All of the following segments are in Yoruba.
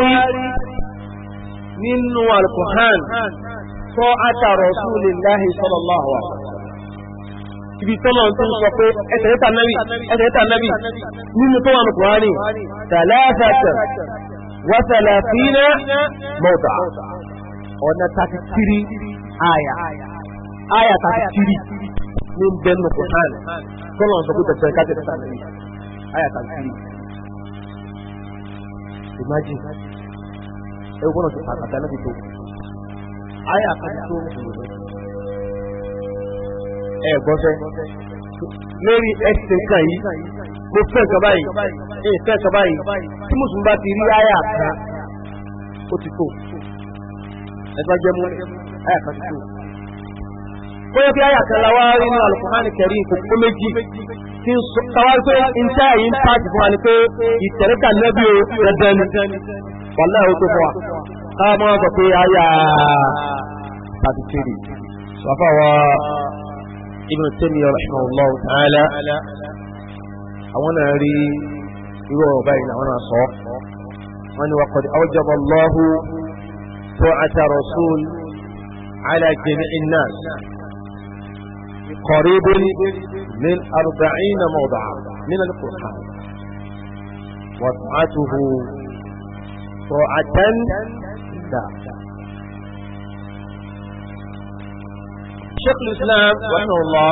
rí nínú alkuhan tó àtà rasulillahi sallallahu alaihi wasallam ibi tọ́nà tó ń sọ pé ẹ̀tẹ̀ẹ́ta nábì ẹ̀tẹ̀ẹ́ta nábì nínú tó wà ní kùránì tàlẹ́fẹ̀ẹ́tẹ̀ wọ́tẹ̀lẹ̀fínà mọ́ta ọ̀nà 33 àyà àyà 33 ní bẹ́ẹ̀ imagine ẹ gbọ́dọ̀ ti àtàkà náà ti tó ayé àkàtì tó ń sùn ẹ gbọ́sẹ̀ lórí ẹsẹ̀ nǹkan yìí kò fẹ́ nǹkan báyìí ẹ fẹ́ nǹkan báyìí tí mùsùlùmí bá ti rí ayé àkàtà ó ti tó ẹ bá jẹ́ mú ayé àkàtì tó. bóyá bí ayé àkàtà wá rí nínú Al-Qur'an Karim kò kó méjì tí ń sọ tàwà pé ń tẹ́ àyí ń pàtì fún wa ni pé ìtẹ̀ríkà nẹ́bí o rẹ̀dẹ̀ ni wàlá ẹ̀ tó fún wa káà mọ́ sọ pé àyà tàbí tèrè sọfà wa Ibn Taymiyyah rahimahullah ta'ala àwọn náà rí irú ọ̀rọ̀ báyìí àwọn náà sọ wọ́n ní wa qad awjaba Allahu ta'ata rasul ala jami'in nas qaribun من أربعين موضعا من القرآن وضعته سرعة داء شيخ الإسلام رحمه الله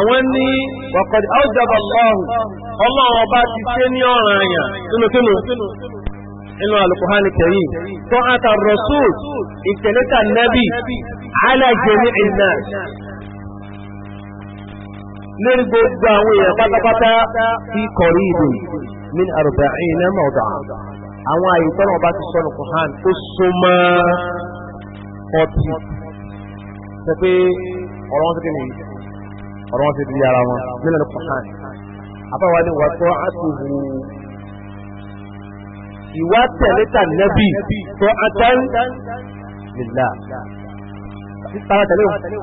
أولي وقد أوجب الله الله وباتي سينيور رانيا كنو كنو إنه القرآن الكريم سرعة الرسول إنسانة النبي على جميع الناس lórí gbogbo àwọn èèyàn pátápátá fi kọ̀rí ìlú min arba'in mawda' àwọn àyè tọ́nà ọba ti sọnù Qur'an ó súnmọ́ ọtí ṣe pé ọ̀rọ̀ wọn ti kéde ọ̀rọ̀ wọn ti di ara wọn nínú Qur'an àbáwá ni wà tọ́ àtúwò ìwà tẹ̀lẹ́tà nẹ́bì tọ́ àtàn lìlá títà tẹ̀lé wọn torí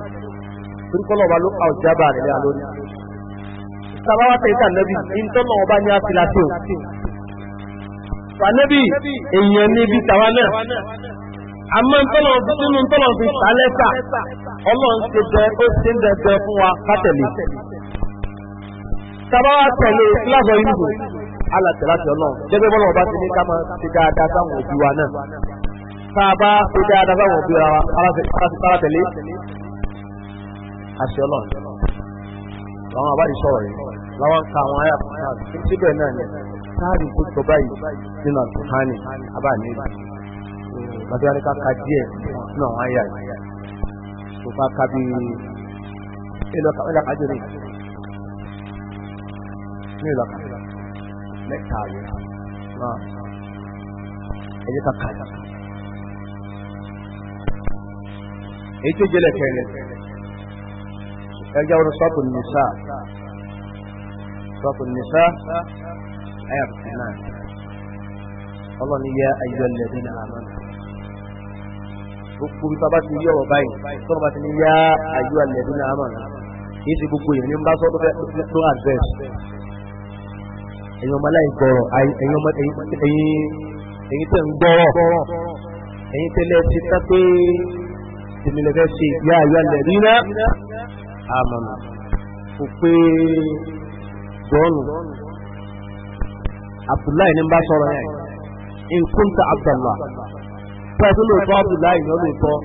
kọ́lọ̀ ọba ló pa ọ̀jábà rẹ̀ lórí tàbáwá tẹ̀sán nẹ́bí ìtọ́nà ọba ní àfìlàtì o. Fànẹ́bí èèyàn níbi tàwa náà. Àmọ́ ntọ́lọ̀ nínú ntọ́lọ̀ fi sálẹ́sà ọlọ́run ti bẹ ó ti ń dẹ̀bẹ̀ fún wa kátẹ̀lé. Tàbáwá tẹ̀lé lábọ̀ ìlú alàtẹ̀ láti ọlọ́run gẹ́gẹ́ bọ́lá ọba ti ní ká máa ti dáadáa sáwọn òbí wa náà. Tá a bá ti dáadáa sáwọn òbí wa alátẹ̀lé àti ọlọ́run. Àwọn àbáyé sọ̀rọ̀ yìí láwọn ka àwọn ayà kan síbẹ̀ náà ni sáàrì tó sọ báyìí nínú àtúnhánì abáàní bàbá ní ká ka díẹ̀ nínú àwọn ayà yìí tó ká ka bí ilé ọkà ọjà kájọ ní ní ìlú ọkà mẹ́ta rẹ̀ náà ẹ̀yẹ ká ka jà. èyí tó jẹ́lẹ̀ kẹrin ẹ̀jẹ̀ wọn sọ́ọ̀tù nìṣà sọ́tò nìṣá ayà tó náà ọlọ́ni yẹ ayọ̀ lẹ́bí ní àmọ́ gbogbo bí bàbá ti rí ọ̀rọ̀ báyìí tọ́nà bá ti ní yá ayọ̀ lẹ́bí ní àmọ́ kìí ṣe gbogbo èèyàn ní bá sọ́tò fẹ́ tó àdírẹ́s ẹ̀yin ọmọ aláìgbọ̀rọ̀ ẹ̀yin tẹ̀ ń gbọ́rọ̀ ẹ̀yin tẹ̀lẹ́ ti tá pé tìmìlẹ̀fẹ́ ṣe yá ayọ̀ lẹ́bí ní àmọ́ kò pé dọ́ọ̀nù abdullahi ní bá sọ̀rọ̀ yẹn nkunta abdallah pẹ̀lú lóòótọ́ abdullahi sọ̀rọ̀ báyìí nígbà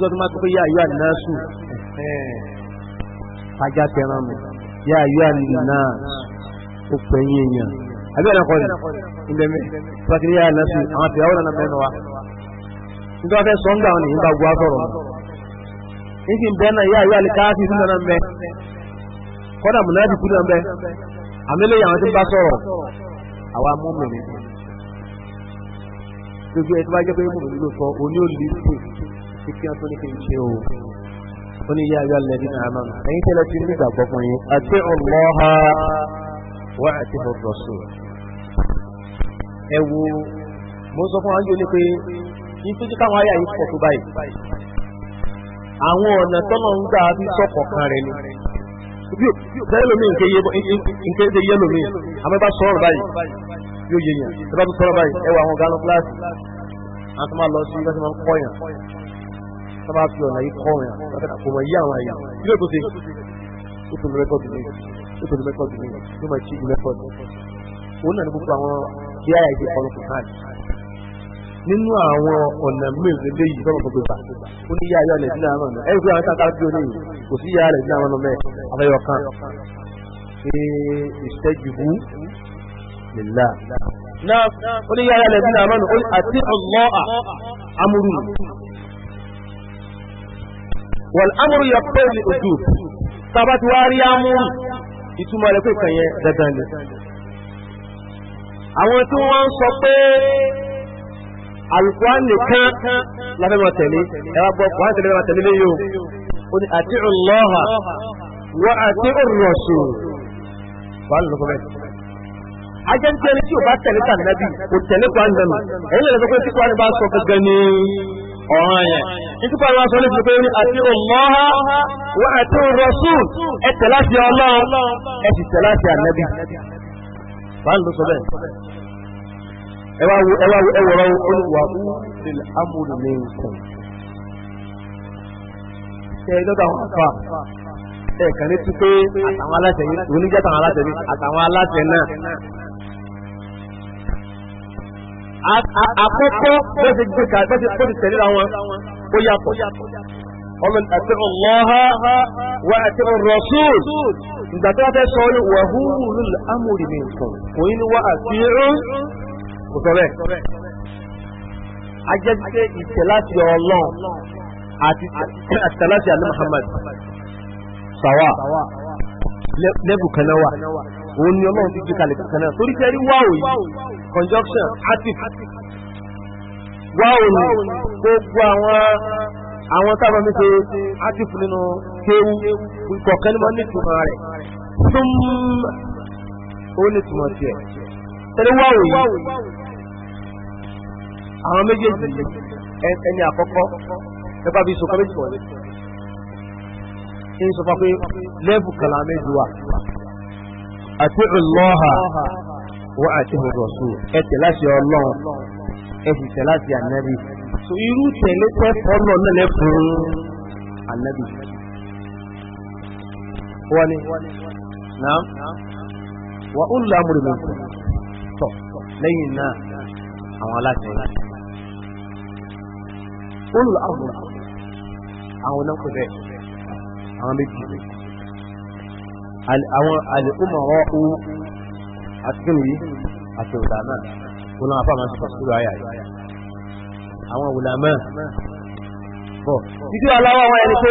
tó máa tó yá ayé ajá tẹran mi yá ayé yín àbí kọ́ni àwọn wa nígbà ni ìgbà gbọ́ sọ̀rọ̀ nígbì bẹ́ẹ̀ náà yá ìwé àlìkáàsì sínú náà mẹ́ kọ́dà mùnáàdì kú náà mẹ́ àmìlẹ̀ àwọn tí ń bá sọ̀rọ̀ àwa mọ́mìnì gbogbo ẹ̀ tó bá jẹ́ pé mọ́mìnì o sọ oní olùdíje tí kí wọ́n tó ní kí n ṣe o ó ní yá ìwé àlẹ́dí náà mọ́ ẹ̀yin a tí o ìgbàgbọ́ fún yín àti ọlọ́ha wà àti ọ̀dọ̀sù ẹ wo mo sọ fún wa ń jò ní pé ní tó jẹ́ káwọn ayé àyè pọ̀ tó báyìí àwọn ọ̀nà tọ́nà ń gbà fi sọ̀kọ̀ kan rẹ̀ ni tẹ́lómi nke ṣe yé lómi àmọ́ bá sọ̀rọ̀ báyìí yóò yé yàn ẹ bá tún sọ̀rọ̀ báyìí ẹ wà àwọn gánà kíláàsì àti máa lọ sí ibi tí wọ́n kọ́ yàn tó bá fi ọ̀nà yìí kọ́ yàn kò mọ̀ yí àwọn àyà kí ló tó ṣe ó tó ní rẹ́kọ̀dù mi ó tó ní rẹ́kọ̀dù mi ó máa ṣí ìlú rẹ́kọ̀dù òun náà ní gbogbo àwọn kí àyà ìdí ọlọ́kùnrin náà nínú àwọn ọ̀nà mẹ́rẹ̀ẹ́lẹ́ yìí tọ́lọ̀ tó gbégbà ó ní yáyọ ilẹ̀ ìdílé àwọn ọ̀nà ẹ̀rù pé àwọn sáà bí oníyìí kò sí yáyọ ilẹ̀ ìdílé àwọn ọ̀nà mẹ́ẹ̀ abẹ́yọ kan ṣe ìṣẹ́jùbú lèlá. náà ó ní yáyọ ilẹ̀ ìdílé àwọn àti ọlọ́à amúrú wọ̀n amúrú yọ pé ní ojú tábà tí wàá rí amúrú ìtumọ̀ rẹ̀ pé kàn yẹn dandan ni. àwọn tí wọ́n sọ pé alukuran nìkan lábẹ́ máa tẹ̀lé ẹ wá gbọ́ kuran tẹ̀lé máa tẹ̀lé léyò ó ní àti ọlọ́ha wọ́n àti ọ̀rọ̀ṣù wàá lọ́kọ́ bẹ́ẹ̀. ajẹ́ tí o bá tẹ̀lé tà nàbí kò tẹ̀lé kuran dànù ẹ̀yin lè lọ pé tí kuran bá sọ gẹ́gẹ́ ní ọ̀ràn yẹn títí kuran bá sọ ní fún pé ẹwà wo ẹwà wo ẹwọ̀rọ̀ olùwà wú lè amúlù ní nǹkan. ṣe ẹjọ́ tó àwọn afa ẹ̀ẹ̀kan ní ti pé àtàwọn aláṣẹ yìí oníjà àtàwọn aláṣẹ yìí àtàwọn aláṣẹ náà. àkókò bó ti gbé ká bó ti tẹ̀lé ra ó yàtọ̀. ومن أتعوا الله وأتعوا الرسول إذا تعطى سؤال وهو للأمر منكم وإن وأتعوا kò sọ bẹ́ẹ̀. a jẹ́ pé ìtẹ̀láṣẹ ọlọ́run àti ìtẹ̀láṣẹ àlẹ́ Muhammad sawa lẹ́bù kan náà wà òun ni ọlọ́run ti gbé kalẹ̀ kan torí tẹ́rí wáwò yìí conjunction atif wáwò ni gbogbo àwọn àwọn tábà mi ṣe atif nínú kéwú kọ̀ọ̀kan ní wọ́n ní ìtumọ̀ rẹ̀ tún ó ní ìtumọ̀ tiẹ̀ tẹ́rí wáwò yìí àwọn méjèèjì ẹni àkọ́kọ́ ẹgbà bí sọkọ́ méjì wọ̀nyí ń sọ fún pé lẹ́bù kàlà méjì wà àti ìlọ́ha wọ́n àti ìrọ̀sù ẹ̀tẹ̀ láti ọlọ́run ẹ̀sìtẹ̀ láti ànábì so irú tẹ̀lé tẹ́ fọ́nà náà lẹ́kùn ànábì wọ́n ni náà wà ó lọ amúrìmọ̀ lẹ́yìn náà àwọn aláṣẹ olùlọ àwòrán àwọn náà kò bẹ́ẹ̀ àwọn méjì àwọn àlùkùmọ̀rọ̀ ó àtúnú yìí àti ọ̀làmà wọn náà fáwọn àti pàṣẹ àyà yìí àwọn ọ̀làmà bọ̀ títí aláwọ̀ wọn ẹni pé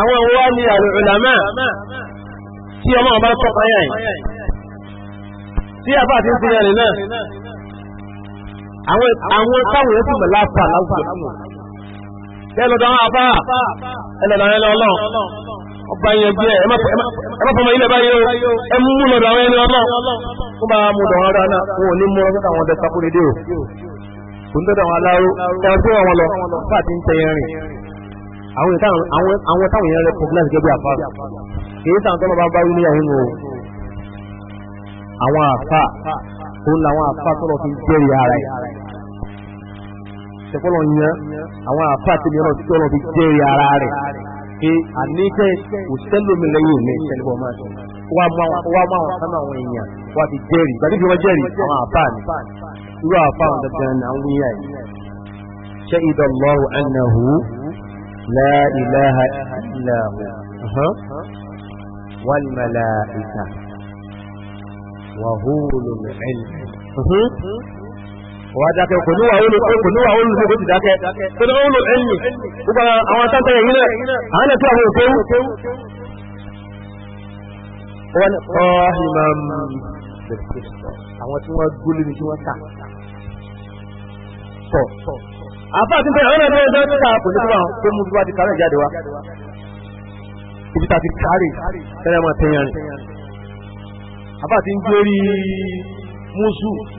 àwọn òwò ni àlùkùmọ̀ tí ọmọ ọba tọ́ka yà yìí tí àbá àti ìpínlẹ̀ náà àwọn táwọn ẹ̀kú mẹ́lá fà láwùjọ lẹ́lọ́dọ̀ àwọn àbá ẹlẹ́dọ̀ àwọn ẹlẹ́ọlọ́ ọba yẹn bí ẹ ẹ má fọmọ ilẹ̀ báyìí o ẹ mú lọ́dọ̀ àwọn ẹni ọlọ́ ó máa mú dọ̀ wọn dáná wọn ò ní mú ọdún àwọn ọdẹ sakúrédé o kò ń dọ̀dọ̀ àwọn aláró ẹ tó wọn lọ fún àti ń tẹyẹ rìn àwọn táwọn yẹn rẹ pọ̀gbìlá ti gẹ́gẹ́ àfa kì í sàn tó bá bá wí ní ẹ̀hún o àwọn àfa òun làwọn àfa tó lọ fi jẹ́rìí ara ẹ̀ ṣẹ̀fọ́lọ̀ yan àwọn àfa àti mìíràn tí ọlọ́run fi jẹ́ ẹ̀yà ara rẹ̀ pé àníkẹ́ kò mi ṣẹlẹ́bọ̀ máa ṣe wá mọ àwọn sánà àwọn èèyàn wá ti jẹ́rìí gbàdí fi wọ́n jẹ́rìí àwọn àfa irú àfa dandan ni àwọn wíyà yìí ṣe ìdọ̀lọ́rù ẹnàhù láìláha wà á dákẹ́ kò níwà olùkọ́ kò níwà olùkọ́ kò ti dákẹ́ kò ní olù ẹ̀yìn gbogbo àwọn sáńtà yẹn nílẹ̀ àwọn ẹ̀tí àwọn òkéwù. wọ́n kọ́ imam àwọn tí wọ́n gbólé ni tí wọ́n tà tọ̀ àbá àti àwọn ẹ̀rọ ẹ̀dá tà kò ní kó wọn kó mú wá di kárẹ̀ jáde wá ibi tá a ti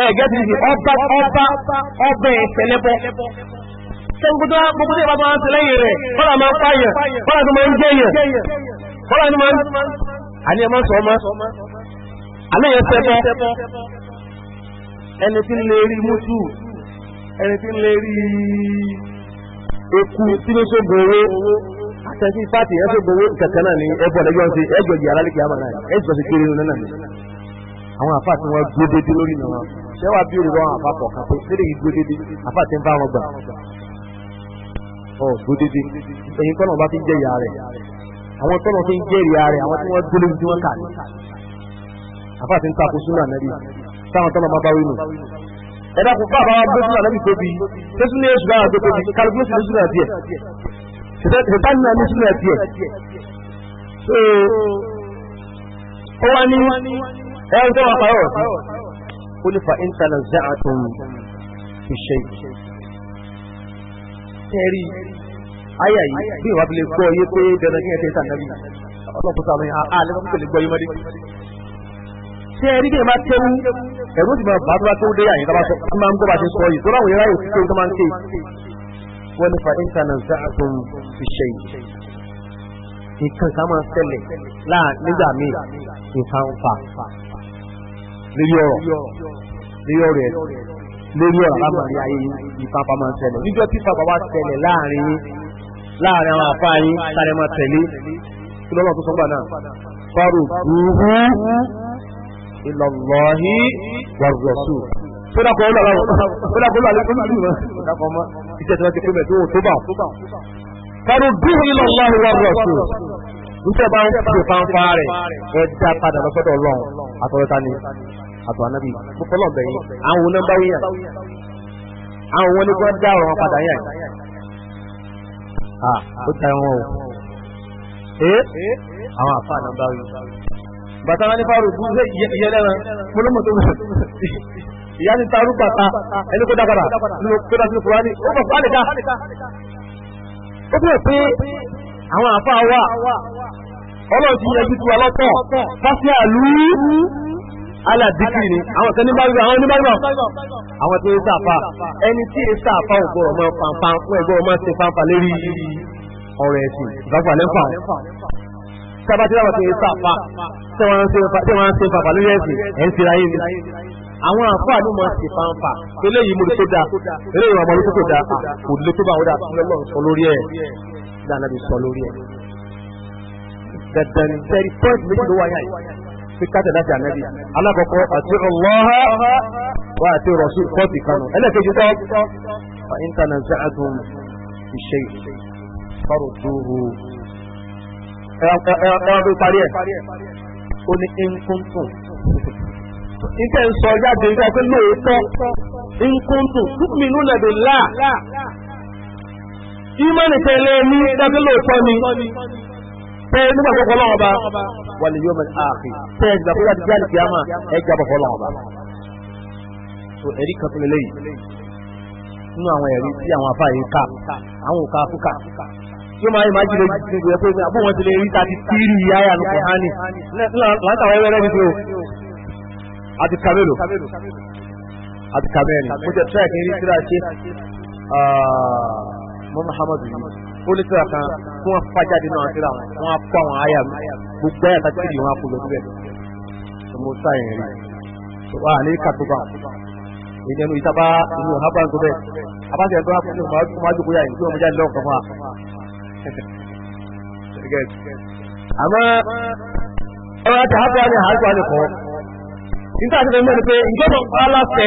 ẹ̀gẹ́dìdì ọba ọba ọbẹ̀ ìṣẹ̀lẹ́bọ sẹ́gbọ́dọ́ gbogbo tí ìbábọ́ àti lẹ́yìn rẹ̀ kọ́lá máa ń fàyẹ̀ kọ́lá tó máa ń jẹ́yẹ̀ kọ́lá ní máa ń àní ẹmọ́ sọ ọmọ àlẹ́yẹ sẹ́bọ́ ẹni tí ń lè rí mútù ẹni tí ń lè rí eku àwọn ṣẹ́wà bí olùrọ̀ àwọn àpapọ̀ kan pé sílẹ̀ yìí gbódédé àfàtẹ́ ń bá wọn gbà ọ gbódédé ẹ̀yin tọ́nà bá ti ń jẹ́ ìyá rẹ̀ àwọn tọ́nà ti ń jẹ́ ìyá rẹ̀ àwọn tí wọ́n dúró tí wọ́n kà ní àfàtẹ́ ń takò súnà nàbí táwọn tọ́nà máa bá wí nù ẹ dákun fún àbáwá gbé súnà nàbí tóbi tó súnà yẹn súnà tó tóbi kálukú sí súnà tiẹ̀ ṣètàn náà ní súnà tiẹ̀ ó wá ní ẹ̀ ń tọ́ ó lè fa intanet jẹ́ àtún ìṣe tẹ́rí ayà yìí bí ìwà bí lè gbọ́ yé pé dandan kí ẹ tẹ́ sànàbí ọlọ́pọ̀ sàmì àlẹ́ fún pẹ̀lú gbọ́ yé mọ́dé tẹ́rí bí ẹ máa tẹ́wú ẹ̀rú sì máa bá tó bá tó dé àyìn tábà sọ tí máa ń gbọ́ bá ṣe sọ yìí tó láwọn yẹra yóò tó tó máa ń ké wọ́n ní fa intanet jẹ́ àtún ìṣe nǹkan kan máa ń ṣẹlẹ̀ láà nígbà míì nǹkan ń fa lérí ọ̀rọ̀ lérí ọ̀rọ̀ ẹ̀ lérí ọ̀rọ̀ alámọ̀rí ayé ìfapá máa ń ṣẹlẹ̀ níjọ́ tí ìfapá bá ṣẹlẹ̀ láàrin yín láàrin àwọn àfáà yín sáré máa tẹ̀lé kí lọ́nà tó sọ́gbà náà fọ́rù gbùgbù ìlọ̀lọ́hí wàrùsù kódàkọ̀ olùwàlẹ́kọ̀ọ́lùwà kódàkọ̀ ọmọ iṣẹ́ tí wọ́n ti pé mẹ́ tó wò tó bá fọ́rù gbùgbù ìlọ̀lọ́hí wàrùsù nítorí bá ń fi fanfa rẹ̀ ẹ̀dá padà lọ́sọ́dọ̀ ọlọ́run àtọ́rọ́ta ni àtọ̀ ànábì fúnfọ́lọ̀ bẹ̀yìn àwọn onáńbá wíyà àwọn wọn ni wọ́n dá ọ̀rọ̀ padà yà yìí. à ó ta ẹ̀wọ̀n o ee àwọn àfa ànábà wí. bàtà wọn ní fáwọn òkú ṣe iye lẹ́ran mọ́lọ́mọ́ tó wù ìyá ni taarú bàtà ẹni kó dábàrà nínú kódà sínú kúránì ó bọ̀ fún àlèkà. ó bẹ̀rẹ̀ pé àwọn àfa wa ọlọ́ọ̀tì yẹn ti tu wa lọ́tọ̀ fásíà aládìkì ni àwọn kan nígbàgbà àwọn nígbàgbà àwọn tí ń sàfà ẹni tí ń sàfà ògbọ́n ọmọ pàǹpà fún ẹgbẹ́ ọmọ ti pàǹpà lérí ọ̀rọ̀ ẹ̀sìn ìgbàgbà lẹ́fà sábàtí láwọn tí ń sàfà tí wọ́n ń ṣe pàǹpà lórí ẹ̀sìn ẹ̀ ń ṣe ráyé ni àwọn àfáà ló máa ṣe pàǹpà eléyìí mo lè tó dáa eléyìí ọmọ lè tó dáa kò lè tó bá wọn dáa sọ lórí ẹ̀ dáná bí sọ lórí ẹ̀ dandan tẹ́rí pọ́ǹtì méjì ló wáyà yìí sí láti ànábì alákọ̀ọ́kọ́ àti ọlọ́ha wà àti rọ̀ṣù kọ́ọ̀tì kanu ẹlẹ́kẹ̀jì kọ́ fa intanet zaatun fi ṣe fọ́rọ̀ tóhu ẹwà bí parí ẹ̀ ó ní nkuntun nítẹ̀ ń sọ jáde nígbà pé lóòótọ́ nkuntun túkùmínú nàbí là ìmọ̀ nìkan lé ní dábìlì ni. tẹ́ nígbà tó kọ́ wà lè yọ mẹ́ta àfi tẹ́ ẹ̀ gbà fúlà díjà nìkìá mà ẹ̀ so ẹ̀rí kan tó lè léyìí nínú àwọn ẹ̀rí tí àwọn afá yìí kà àwọn òkà fúkà tí máa yìí máa jí lójú oníṣẹ́ra kan tí wọ́n fà jáde síra wọn wọ́n àwọn àyà gbogbo àyà tàbí ìdí wọn á síbẹ̀. mo sáyẹn rí wà ní kàtóbà ìdẹnu ìtaba inú ọ̀hábà ń tó bẹ́ẹ̀ abáṣẹ ẹ̀dọ́ àkókò máa jókòó yà yìí tí wọ́n mú jáde lọ́wọ́ kan wa. àmọ́ ọ̀rọ̀ àti àbúrò àti àjọ àlè kọ́ nígbà tí wọ́n mẹ́rin pé ìjọba aláṣẹ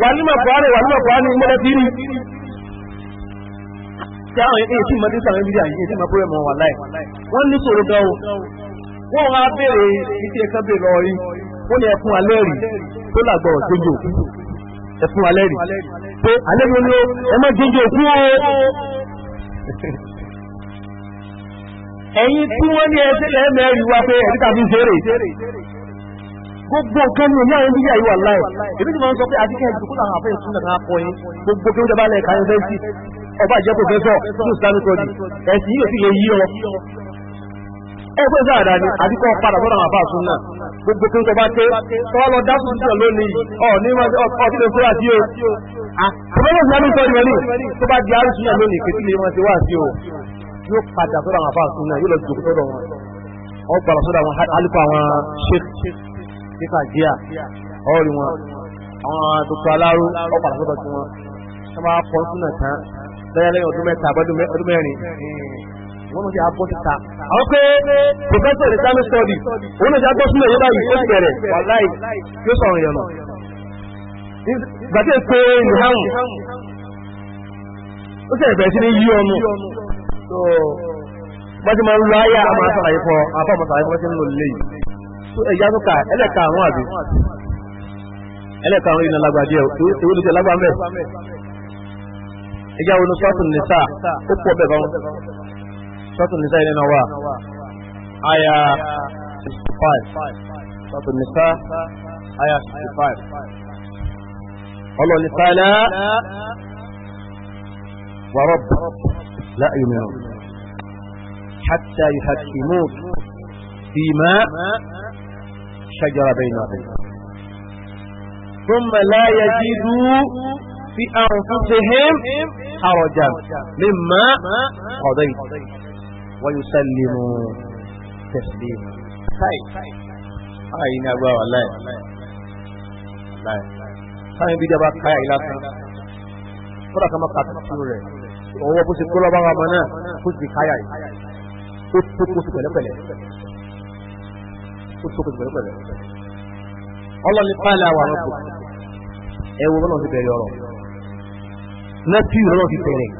wàlúmọ̀ kọ́rẹ̀ wàlúmọ̀ kọ́rẹ̀ ní mọ́lẹ̀ fírí tí àwọn èyí tí mọ́dé sàrẹ̀ mídíà yìí tí mọ́ pẹ́rẹ̀ mọ́ wà láì wọ́n ní sòrò gan o wọ́n wá béèrè títí ẹ̀kan bè lọ rí wọ́n ní ẹkùn alẹ́rì tó làgbọ̀rọ̀ tó jò ẹkùn alẹ́rì pé E ló ẹ má o ẹ̀yin tí wọ́n ní ẹsẹ̀ lẹ́mẹ̀ẹ́rì wá pé gbogbo nǹkan ni ìyá oníyà yìí wà láì èmi ti máa ń sọ pé àdíkẹ́ ìdìbò kúrò àwọn afẹ́yìn súnà náà pọ̀ yín gbogbo kí ó jẹba lẹ́ẹ̀ka yunifásitì ọba ìjẹ́ pòfẹ́sọ̀ fún islamic study ẹ̀sìn yóò sì lè yí ọ ẹgbẹ́ ìsáàdá ni àdíkọ́ padà bọ́dọ̀ àwọn afáàsùn náà gbogbo kí ó jọba pé tọ́wọ́ lọ dásùn sí lónìí ọ ní ọtí lè fúra sí o àpẹẹrẹ ah, islamic study wọn ni tó bá di àrùsùn náà lónìí kìtì lè wọn ti wá sí o yóò padà sọ́dọ̀ àwọn afáàsùn náà yóò lọ ní kàjíà ọ̀rì wọn àwọn tuntun aláró ọ̀pàdà sọ́dọ̀ tí wọn wọ́n máa pọ̀ súnà tán lẹ́yìn lẹ́yìn ọdún mẹ́ta ọdún mẹ́rin wọ́n náà ti àbọ̀ síta. àwọn pé professor islamic study òun náà ti àbọ̀ sílẹ̀ yóò báyìí ó ti bẹ̀rẹ̀ wàláì yóò sọ̀rọ̀ ìyọ̀nà. gbàtẹ́ pé nìhàn ó sì ẹ̀bẹ̀rẹ̀ sí ní yí ọnu. bá ti máa ń lo ayé àmọ́ àtàlàyé fọ àbọ̀ àmọ́ àtàlàyé fọ́ ti ń lò lélẹ́yìí. ẹ̀yánu ká ẹlẹ́ka àwọn àbí ẹlẹ́ka àwọn ìnà lágbàdì ẹ̀ ìwé lóṣẹ̀ lágbàmẹ́ ẹ̀yà wọn sọ́tún nìta ó pọ̀ bẹ́ẹ̀ bá wọn sọ́tún nìta yẹn náà wà àyà 65 sọ́tún nìta àyà 65 ọlọ́ni sáyà wàrọ̀ láì mìíràn حتى يحكموك فيما شجر بينهم ثم لا يجدوا في أنفسهم حرجا مما قضيت ويسلموا تسليما خير أين أبا الله sáyẹn bí dábàá káyà yìí lásán fúnra kan máa ka tuntun rẹ ọwọ́ bó ṣe kó lọ́wọ́ àwọn ọmọ náà kó sì káyà yìí ó tó kó sí pẹ̀lẹ́pẹ̀lẹ́ kó tó pẹ̀lú pẹ̀lú ọlọ́ni pààlà wà lọ́pọ̀ ẹ wo bọ́lá ti bẹ̀rẹ̀ ọ̀rọ̀ náà tí ìrọ̀lọ́ ti bẹ̀rẹ̀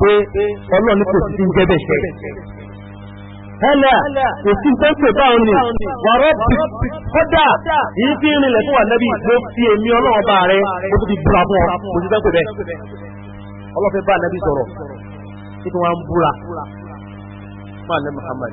pé ọlọ́ni kò sí jẹ́ bẹ̀ ṣẹ́ hẹ́lẹ̀ kò sí tó pè bá òun ni wàrọ̀ bí kódà yìí fi rinlẹ̀ tó wà lẹ́bí ló fi èmi ọlọ́wọ́ bá rẹ ó ti di búra fún ọ kò sí tó pè bẹ́ẹ̀ ọlọ́fẹ́ bá lẹ́bí sọ̀rọ̀ kí ni wọ́n ń búra fún àlẹ́ Muhammad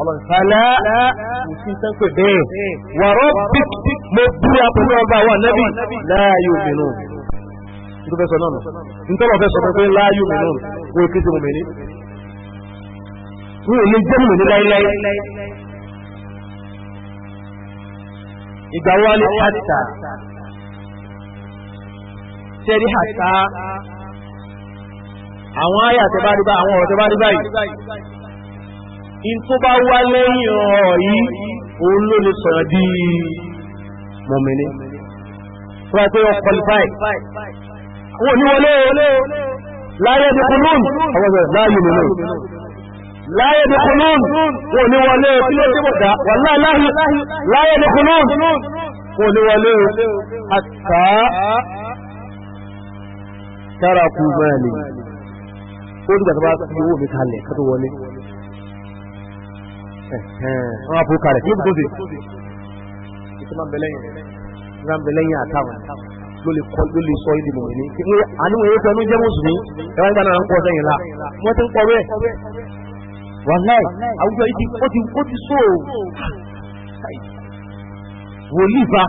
ọlọ́nfàlá òsìntẹ́ pé bẹ́ẹ̀ wàrọ́ bí mo búra pẹ̀lú ọba wa nẹ́bí láàyò mìíràn nítorí fẹ́ sọ náà nítorí fẹ́ sọ pé láàyò mìíràn wọ́n kí sí mo mìíní wọn ò lè jẹ́ mìíní láíláí ìgbà wa ni in tó bá wá lẹ́yìn ọ̀rọ̀ yìí òun ló lè sọ̀rọ̀ di mọ̀mìnì tó bá pé wọ́n qualify wọ́n ní wọlé láyé di kùnún àwọn ọ̀rọ̀ láyé nínú láyé di kùnún wọ́n ní wọlé láyé di kùnún wọ́n ní wọlé àtà ó dìgbà bá fi owó mi kalẹ̀ kátó wọlé wọn á fò kalẹ̀ yóò fi tó ṣe. ìṣe máa ń bẹ lẹ́yìn máa ń bẹ lẹ́yìn àtàwọn ló lè kọ́ ló lè sọ ìdí mọ̀ ní. àní wọ́n yóò fẹ́ ẹnu jẹ́ mùsùlùmí ẹ̀rọ nígbà náà ń kọ́ sẹ́yìn la wọ́n ti ń kọ́ bẹ́ẹ̀. wàláì àwùjọ yìí ó ti ó ti sóò wòlíì fa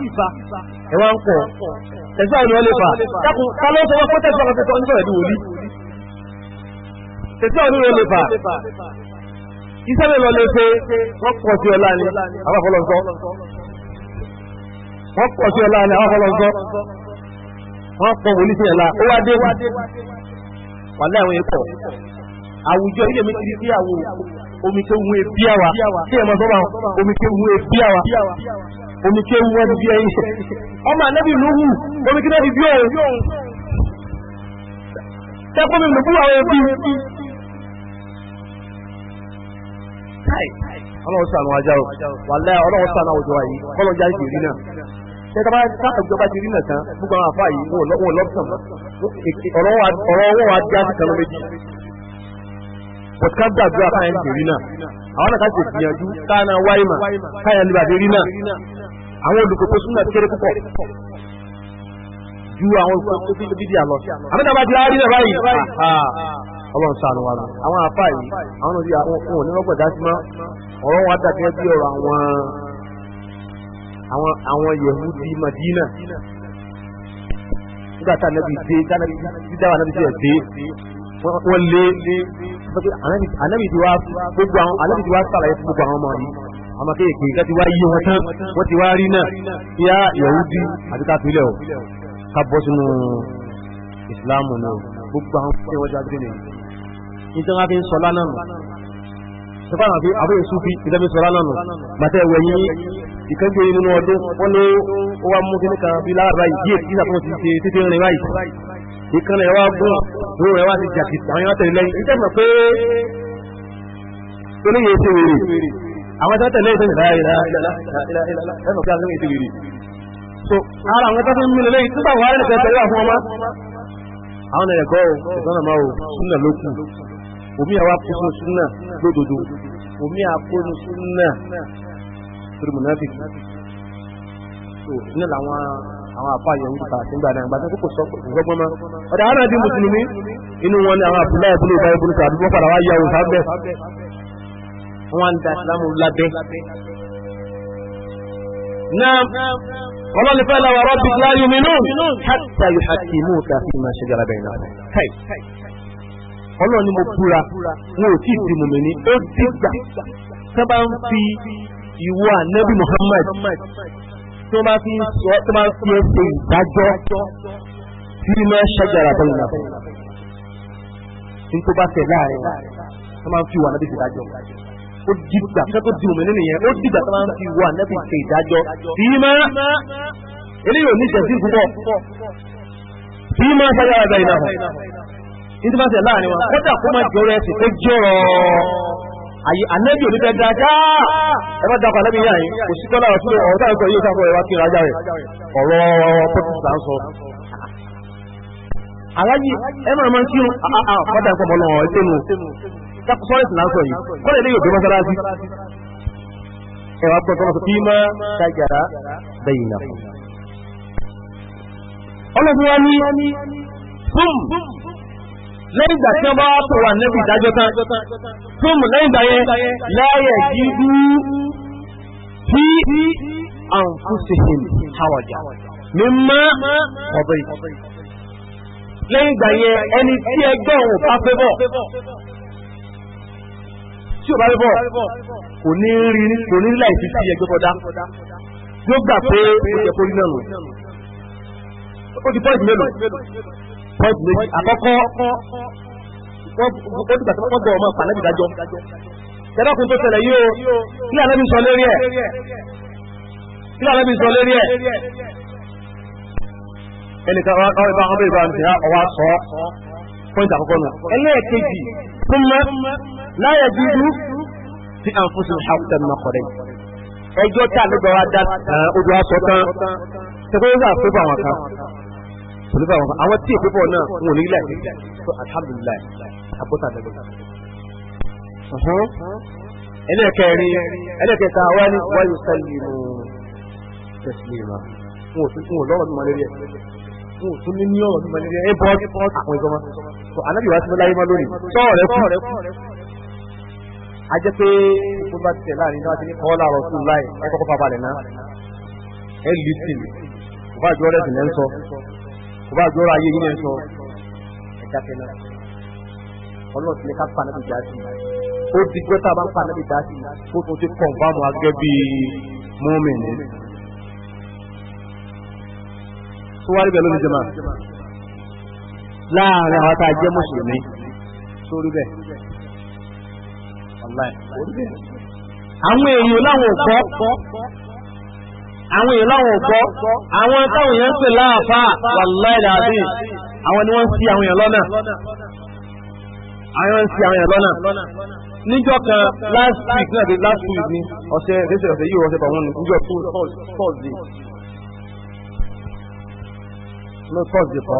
ẹ wá ń kọ tẹsán ìlú ọlẹ fa dákun ká ló ń sọ wọn kó tẹsán ọlọpẹtọ onífẹ̀ẹ́ di wòlíì tẹsán ìlú ọlẹ fa iṣẹ́ mi lọ lè ṣe wọ́n pọ̀ sí ọlá ni àwọn afọlọ́nsọ́ wọ́n pọ̀ sí ọlá ni àwọn afọlọ́nsọ́ wọ́n pọ̀ wòlí sí ẹ̀la ó wá dé wà láwọn ẹ̀kọ́ àwùjọ ilé mi ti rí àwọn omi tó wú ebí àwà tí ẹ̀mọ́ sọ́mà omi tó wú ebí àwà omi tó wú ẹni bí ẹyin ọmọ ànábì ló wù omi tó náà fi bí òun tẹ́kọ́ mi lò fún àwọn ẹbí ọlọ́run sànù ajá o wàlẹ́ ọlọ́run sànù àwùjọ wa yìí kọ́lọ́n já ìdìrí náà tẹ́tàbá tá àjọba ti rí náà tán gbogbo àwọn àfáà yìí wọn ò lọ́pùtàn ọ̀rọ̀ wọn wá já síkan méjì pọ̀tíkà gbàdúrà káyà ń tèrí náà àwọn náà ká ṣe gbìyànjú káyà wáyé mà káyà lè bàbá rí náà àwọn olùkókó súnmọ́ kéré púpọ̀ ju àwọn olùkókó ọlọ́run sànù wa lọ àwọn àfáà yìí àwọn náà ti àwọn òun ní lọ́gbọ̀n dá sí mọ́ ọ̀rọ̀ wa dàgẹ́ bí ọ̀rọ̀ àwọn àwọn àwọn yehudi madina nígbà tá anabi dé tá anabi ti dáwà anabi ti ẹ̀ dé wọ́n lé anabi ti wá gbogbo àwọn anabi ti wá sàlàyé fún gbogbo àwọn ọmọ yìí àwọn akéèké láti wá yí wọn tán wọ́n ti wá rí náà kí á yehudi àti ká filẹ̀ o ká bọ́ sínú ìsìláàmù náà gbogbo àwọn fún ẹwọ́n jáde nìyí nítorí wọn fi ń sọ lánàá nù sọfà àfi àbúrò sufi ìdábí sọ lánàá nù bàtà ẹwẹ yín ìkẹjọ yìí nínú ọdún wọn ló ó wá mú kíní kan bí lára báyìí díẹ̀ kí sàkóso ti ṣe títí rìn báyìí ìkan rẹ̀ wá gùn ló rẹ̀ wá ti jàkì àwọn yàrá tẹ̀lé lẹ́yìn níta mọ̀ pé oníyè ti wèrè àwọn tẹ̀lé tẹ̀lé ìṣẹ̀lẹ̀ láyé lẹ́nu pé àwọn ti wèrè so ara àwọn tẹ́lẹ̀ mílẹ̀ lẹ́yìn tó bá wà á rẹ̀ ẹ̀kọ́ ìtọ́nà máa wò sínú lókun omi àwa kóso súnà lódodo omi àkóso súnà torí mùnàfíkì ní làwọn àwọn àfa yẹ̀wò ti fàṣẹ gbà náà gbàtà kókò sọgbọ́n mọ́ ọ̀dà àwọn àbí mùsùlùmí inú wọn ni àwọn àbúlá ìbúlé ìbá ìbúlé tàbí wọ́n padà wá yà sábẹ́ wọn ń da ìsìlámù lábẹ́. náà ọlọ́ni fẹ́ làwọn rọ́bì láyé mi nù hàtà yóò hàtì mú kàfí máa ṣe gàlábẹ̀ náà ọlọ́run ni mo búra wọn ò tí ì di mùmí ní ó dìgbà tó bá ń fi ìwọ ànábì Muhammad tó bá fi sọ tó bá fi ẹsẹ̀ ìdájọ́ tí iná ṣàjára bọ́ ìlànà bọ́ ní tó bá tẹ̀ láàrin tó bá ń fi ìwọ ànábì ṣe ìdájọ́ ó dìgbà tó tó di mùmí nínú yẹn ó dìgbà tó bá ń fi ìwọ ànábì ṣe ìdájọ́ tí iná eléyìí ò ní ìjẹ́sí púpọ̀ tí iná ṣàjára bọ́ ìlànà títí bá tẹ̀ láàrin wọn kọ́dà kó má jọrọ ẹ̀sìn kó jọrọ àyè ànẹ́bí òní bẹ́ẹ̀ dájá ẹ bá dákọ̀ ànẹ́bí yáyìn kò sí tọ́lá ọ̀tún ọ̀rọ̀ táwọn ẹ̀kọ́ yóò sáfọ́ ẹ̀wá kí ìrajà rẹ̀ ọ̀rọ̀ pọ́tùsù là ń sọ. aláàjì ẹ máa máa ń kírun kọ́dà ẹ̀kọ́ bọ́ lọ́wọ́ ẹ̀tẹ́nu sọ́ọ̀rẹ́sì là ń sọ yìí kọ́dà ilé yóò gbé mọ́sálásí ẹ̀wà gbọ́dọ̀ sọ fíìmà kájàrá bẹ́yìn náà. ọlọ́run wa ní fún lẹ́yìn ìgbà tí wọ́n bá tó wà nẹ́bí ìdájọ́ tán tó mù lẹ́yìn ìgbà yẹn láyẹ̀ dídú tí àǹfùsìhìn àwàjà mímọ́ ọ̀bẹ̀ lẹ́yìn ìgbà yẹn ẹni tí ẹgbẹ́ òun bá fẹ́ bọ̀ tí ò bá fẹ́ bọ̀ kò ní rí kò ní láì sí ẹgbẹ́ bọ́dá yóò gbà pé ó jẹ́ kórìí náà nù ó ti pọ́ìtì mélòó point méjì àkọ́kọ́ ó dìgbà tí wọ́n gbọ́ ọmọ ìpànẹ́bì dájọ́ tẹ́lọ́kùn tó tẹ̀lẹ̀ yíò kí àlẹ́bì sọ lórí ẹ̀ kí àlẹ́bì sọ lórí ẹ̀ ẹnìkan ọ̀rọ̀ ìbá ọmọ ìbá ọmọ ọwá sọ point àkọ́kọ́ nù ẹlẹ́ẹ̀kejì fún mọ́ láyẹ̀ dúdú tí a ń fún sí hapton makọ̀rẹ́ ẹjọ́ tí àlẹ́gbẹ̀wá dá ojú asọ tán tẹ́kọ́ pẹ̀lú àwọn àwọn tí èkó pọ̀ náà wọn ò ní ilẹ̀ so alhamdulilayi abọ́tà dẹ́gbẹ́. ẹlẹ́kẹ̀rin ẹlẹ́kẹta wá ní wáyé sẹ́lẹ̀ mú tẹ̀sílẹ̀ rà wọn ò tún wọn lọ́rọ̀ mímọ́ lórí ẹ̀ wọn ò tún ní ní ọ̀rọ̀ mímọ́ lórí ẹ̀ ẹ bọ́ àwọn ìjọba so anábì wá sí mi láyé má lónìí tọ́ọ̀ rẹ kú a jẹ́ pé tó bá tẹ̀ láàrin náà ti ní kọ́ láàrọ̀ sí láì ẹ kọ́kọ́ bàbá rẹ̀ náà ẹ lùsìn bá àjọ rẹ̀ sì lẹ́ ń sọ bá jọrọ ayé yín sọ ẹ dákẹ́ náà ọlọ́run ti ní ká pa náà bìjà sí ó ti gbọ́ tá a bá ń pa náà bìjà sí ó tún ti kàn bá mu agẹ́ bíi mọ́mìnì. tó wá rí bẹ́ẹ̀ lónìí jẹ́mà láàárín àwọn tá a jẹ́ mùsùlùmí sórí bẹ́ẹ̀ àwọn èèyàn láwọn ò kọ́ àwọn èèyàn láwọn ògbọ́ àwọn táwọn èèyàn ń pè láàfà wàláì dàbí àwọn ni wọ́n ń ṣì àwọn èèyàn lọ́nà àwọn ń ṣì àwọn èèyàn lọ́nà níjọ́ kan last week náà di last week ni ọ̀sẹ̀ ẹsẹ̀ ọ̀sẹ̀ yìí ọ̀sẹ̀ bàwọn níjọ́ thursday no thursday kan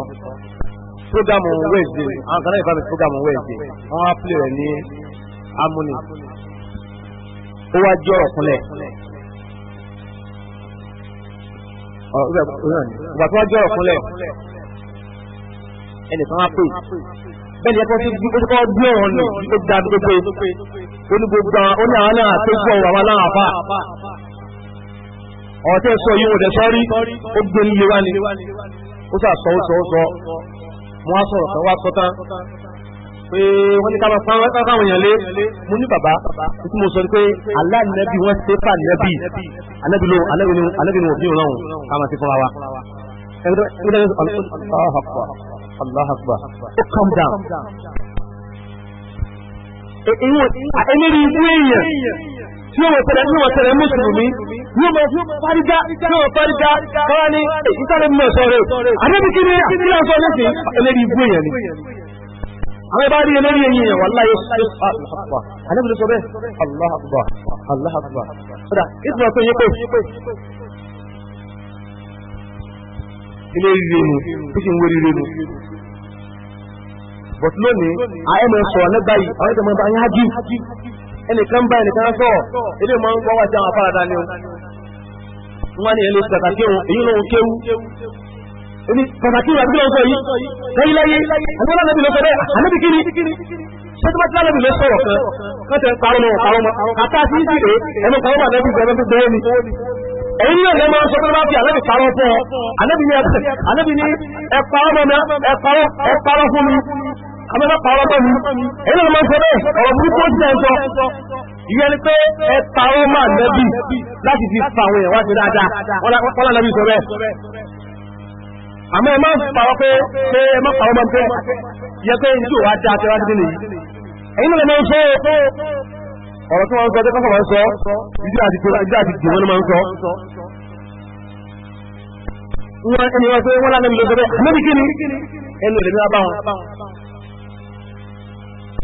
program on wednesday àwọn kan náà ìfàmì program on wednesday wọ́n á play rẹ̀ ní harmony ó wá jẹ́ ọ̀kúnlẹ̀ ọ̀gbà tó wá jọ̀rọ̀ fúnlẹ̀ ẹnìkan wá pè bẹ́ẹ̀ ni ẹ̀kọ́ tí ó gbé ọ̀hún nù ó da gbogbo ó ní gbogbo ó ní àwọn náà tó gbọ́ wà wá láwọn àfà ọ̀tẹ́ sọ yìí wò dẹ̀ sọ́rí ó gbé nílé wá ni ó sà sọ ó sọ ó sọ mo wá sọ̀rọ̀ kan wá sọ tán pé wọ́n ní káwọn fáwọn káwọn èèyàn lé mo ní bàbá tí mo sọ pé aláàlẹ́bí wọ́n ṣe fà lẹ́bí alẹ́bí ló alẹ́bí ni òfin ọ̀rọ̀ káwọn ti fọ́ra wa. Allah akbar Allah akbar calm down. Eléyìí ibú èèyàn tí ó wọ̀ tẹ̀lé ní wọ̀ tẹ̀lé mùsùlùmí ní ọmọ fún fárígá tí ó fárígá káwá ní ìtàlẹ́mù náà sọ̀rọ̀ àdébìkí ni àti ìlànà sọ̀rọ̀ lẹ́sìn eléyìí ibú èèyàn ni. àwọn bá rí olórí ẹ̀yìn yẹn wà láyé aláàbà anábìlú sọ bẹ́ẹ̀ aláàbà aláàbà kódà ìtura tó ilé rire nu bí ń wé rire but lónìí àyẹ̀ mọ̀ sọ̀rọ̀ nígbà yìí àwọn ìjọba bá yá jù ẹnìkan bá ẹnìkan ilé ń wá àwọn ebi pàtàkì wà nígbà ọkọ yìí lẹ́yìn lẹ́yìn ọgbọ́n náà lẹ́bi ló sọ bẹ́ẹ̀ ànábì kiri ṣẹ́tí bá tí lẹ́bi ló sọ̀rọ̀ kan kọ́tẹ̀ parọ́ mọ́ parọ́ mọ́ àtà sí sí rè ẹnu parọ́ mọ́ ànábì bẹ́ẹ̀ bẹ́ẹ̀ ni. ẹ̀yin náà lẹ́mọ sọ pé bá fi ànábì parọ́ fún ọ ànábì ní ẹsẹ̀ ànábì ní ẹ parọ́ mọ́ mi ẹ parọ́ ẹ parọ́ fún mi àmọ́ bá parọ́ mọ́ mi ẹ̀yin náà lọ́mọ sọ bẹ́ẹ̀ ọ̀rọ̀ burúkú ó ti ẹ̀ sọ ìyẹn ni pé ẹ parọ́ mọ́ láti fi fa àwọn èèyàn wá sí dáadáa wọ́n lọ́nà sọ bẹ́ẹ̀ àmọ́ ẹ máa ń pàwọ́ pé pé ẹ máa pàwọ́ máa ń pé yẹ pé ní tí ò wá dá tẹ wá dídí nìyí ẹ̀yin náà máa ń sọ ọ̀rọ̀ tí wọ́n ń sọ tẹ́ kọ́kọ́ máa ń sọ ìdí àti ìdí wọn máa ń sọ wọn ẹni wọn pé wọn lánàá mi lọ sọ bẹ́ẹ̀ àmọ́bí kí ni ẹnu ìlú bá wọn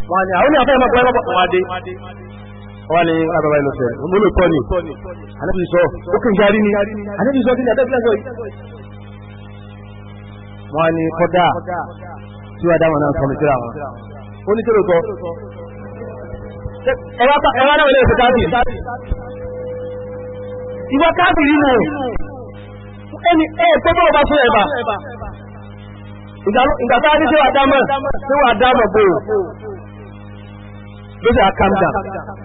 wọn ni àwọn ìyàfẹ́ máa pẹ́ lọ́pọ̀ wọn adé wọn ni àbàbà ìlọsẹ̀ mo lè kọ́ ni àdébìsọ ó kì í jarí ni àdébìsọ kí ni àdébìsọ yìí wọ́n á ní kọ́dà tí wọ́n dáwọn náà sọ̀rọ̀ síra wọn. ó ní kíló sọ. ẹ̀wá náà lè fi káàdì. ìwọ káàdì yìí wò ẹni ẹ tó bá ọba fún ẹ̀bà. ìgbà tá a ní sí wàá dámọ̀ sí wàá dámọ̀ bò ó. ló sì á calm down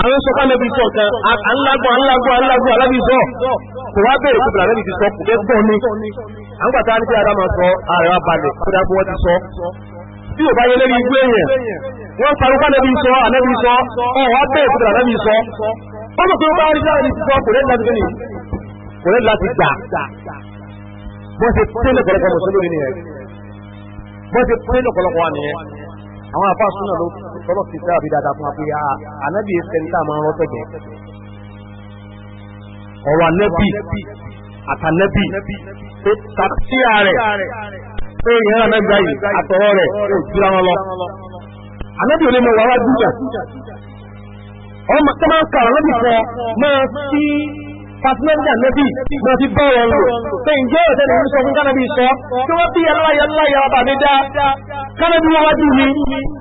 àwọn sọ́kà lẹ́bi sọ kan alágbọ́ alágbọ́ alágbọ́ alábi sọ kò wá bèèrè kó bìlà lẹ́bi ti sọ kò fẹ́ gbọ́ ni à ń gbà tá a ní pé adama sọ ààrẹ abalẹ̀ kó dáa kó wọ́n ti sọ tí ò bá yẹ lẹ́bi igbó èèyàn wọ́n parọ́ kó lẹ́bi sọ àlẹ́bi sọ ọ̀ wá bèèrè kó bìlà lẹ́bi sọ wọ́n mọ̀ pé ó bá rí sáà ní ti sọ kò lẹ́ láti gbé ni kò lẹ́ láti gbà bó ṣe tẹ́lẹ̀ pọ̀lọpọ̀ mùsùlùmí nìyẹn bó tọ́lọ̀ ti sábà bí dáadáa fún wa pé ah, ànábì sẹ́ńtà máa ń rọ́tọ̀ jẹ́ ọ̀rọ̀ ànábì àtànábì tó tàbíyà rẹ̀ pé ìyẹn ànágbà yìí àtọ̀rọ̀ rẹ̀ kò jura wọn lọ. ànábì olè mọ̀ wàhálà dúdà ọmọ tó máa ń kà ànábì fọ máa sí pàtínọ́jà lẹ́bí lọ fi bọ́ ọ̀rọ̀ pé ǹjẹ́ ọ̀tẹ́ ni sọ fún kánàbí sọ tí wọ́n bí aláyà aláyà ọba mi dá kánàbí wọn wájú mi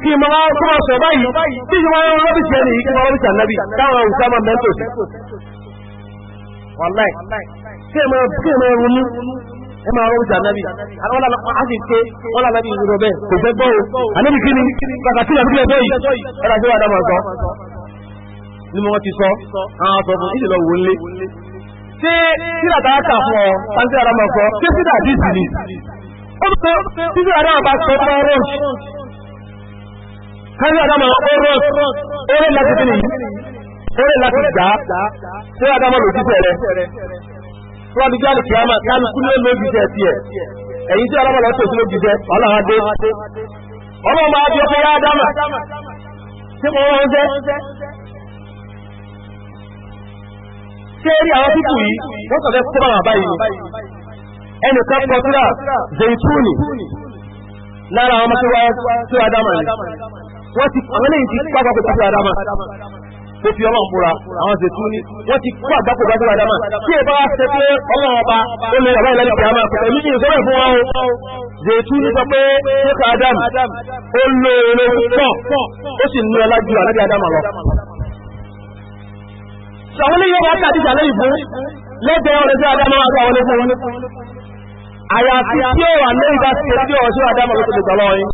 kí mọ wọn kúrò sọ báyìí tí wọn rọbì sí ẹni kí wọn rọbì sí ànábì táwọn òṣà máa bẹ́ẹ̀ tòsí. wàláì kí ẹ máa kí ẹ máa ronú ẹ máa rọbì sí ànábì àwọn ọlọ́pàá á sì ké kò fẹ́ gbọ́ ni wọ́n ti sọ àwọn àtọ̀fún ìṣèlọ wò ń lé ṣé síra tá a kà fún ọ pàṣẹ ara máa sọ ṣé síra àdìsí ni ó sọ síra náà bá sọ fún ọ̀rọ̀ kájú àdámà ọ̀rọ̀ ọ̀rọ̀ láti fi nìyí ọ̀rọ̀ láti gbà á síra àdámà lòdìsẹ rẹ fún àdìjọ àdìkìyàmà kálukú ló lòdìsẹ tiẹ̀ èyí tí alábàlọ tó sí lòdìsẹ Ọlọ́run adé Ọlọ́run máa bí ọkọ yá ádámà tí mo wọn jẹ ṣé rí àwọn pípù yìí wọ́n kàn fẹ́ kó bá wọn báyìí ni ẹnìkan kọ síra zeituni lára àwọn ọmọ tí wàá dámà ni wọ́n ti àwọn eléyìí ti kó àgbàpọ̀ tó wàá dámà tó fi ọlọ́run fura àwọn zeituni wọ́n ti kó àgbàpọ̀ tó wàá dámà tí ẹ bá wá ṣe pé ọlọ́run ọba ó lè rà báyìí lẹ́nu kìámà pẹ̀lú ìyìn sọ́rọ̀ fún wọn o zeituni sọ pé ṣé ká adam ó lo èrè púpọ̀ ó sì nu ọlá ju àlẹ́ sọ̀rọ̀ ní yóò wá tàbí jàlẹ́ ìbú lẹ́gbẹ̀ẹ́ ọ̀rẹ́ tí adámọ́ wá sọ̀rọ̀ ní fún wọn. àyàfi tí ó wà lórí bá ti tí ọ̀rọ̀ tí adámọ́ ló tẹ̀lé gbọ́lọ́ yín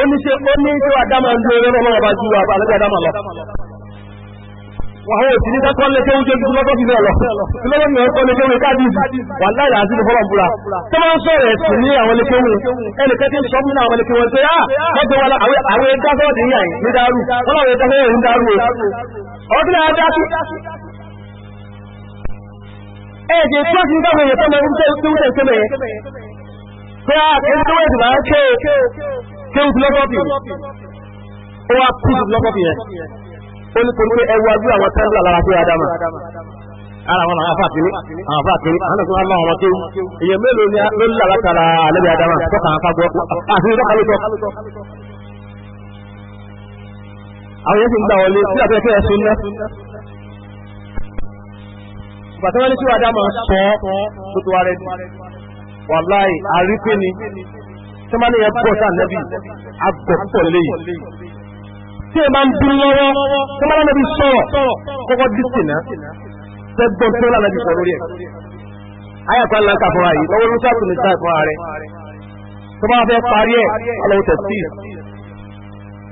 ó ní ṣe ó ní tí adámọ́ ń lo eré ọmọ ọba ju àbálẹ́gbẹ̀ adámọ́ lọ wàhálà òsì ní sẹ́kọ́lẹ̀ tó ń jẹ́ gbogbo tó fi bẹ́ẹ̀ lọ tí lọ́wọ́ mi ọ̀kọ́ lẹ́kẹ́wé káàdìdì wà láyé àti ìfọ́lọ̀ búra tó máa ń sọ̀rọ̀ ẹ̀sùn ní àwọn lẹ́kẹ́wé ẹnìkẹ́ tí ń sọ fún àwọn lẹ́kẹ́wé pé á ah, wọ́n gbọ́ àwọn ẹ̀dáfọ́ọ̀dì yìí ní dárú wọ́n láwọn ẹ̀dáfọ́ọ̀dì ń dárú ọdún àádásí ẹ̀jẹ̀ tí ó ti ń dáwọn èèyàn tó mọ̀ orúkọ tó wúlẹ̀ tó mẹ́yẹ pé á kẹ́kẹ́ tó wẹ̀dì máa ń ah, ké ó ní kòkòrò ẹwú agbó àwọn tẹ́lá lára sí adama ara wọn àwọn afáàkiri àwọn afáàkiri àwọn tó ń lọ àwọn tó èèyàn mélòó ni ló ń lára tara alẹ́bí adama tọ́ka àwọn fagbọ́ àti tọ́ka ló tọ́. àwọn yẹn ti ń gbà wọlé sí àbẹ́kẹ́ ẹ̀sùn náà bàtà wọn ní síwájú àmọ́ sọ tó tó wà rẹ wàláì àríkè ni tí wọn ní yẹn bọ̀ sáà nẹ́bí àgọ̀ púpọ̀ lẹ́yìn tí ẹ máa ń dúró lọ́wọ́ tó máa lọ́nà bí sọ̀rọ̀ kọ́kọ́ dísì náà fẹ́ gbọ́n tó lánàá bí sọ lórí ẹ̀. ayàkọ́ ńlá ń kà fúnra yìí lọ́wọ́ ló sáà tún lè sáà fúnra rẹ̀ tó bá fẹ́ parí ẹ̀ ọlọ́wọ́ tẹ̀sí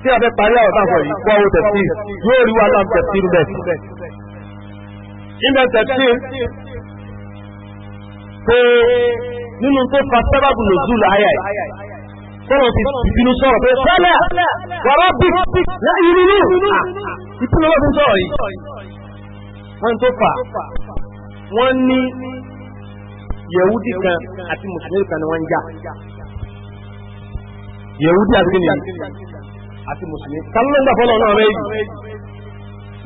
tí a fẹ́ parí àwọn táwọn yìí kó àwọn tẹ̀sí yóò rí wàhálà tẹ̀sí rú bẹ́ẹ̀. ìbẹ̀ tẹ̀sí pé nínú tó fa sábàbù lòzù láyà yìí sọ́rọ̀ ti bínú sọ́rọ̀ pé sọ́lẹ̀ wàrà bí láyé nínú ah, ìpínlẹ̀ ọlọ́dún sọ́rọ̀ yìí wọ́n tó fà wọ́n ní yẹ̀wúdì kan àti mùsùlùmí kan ni wọ́n ń jà yẹ̀wúdì àti ní àti mùsùlùmí kan ló ń gbà fọ́lọ́ náà rẹ̀ yìí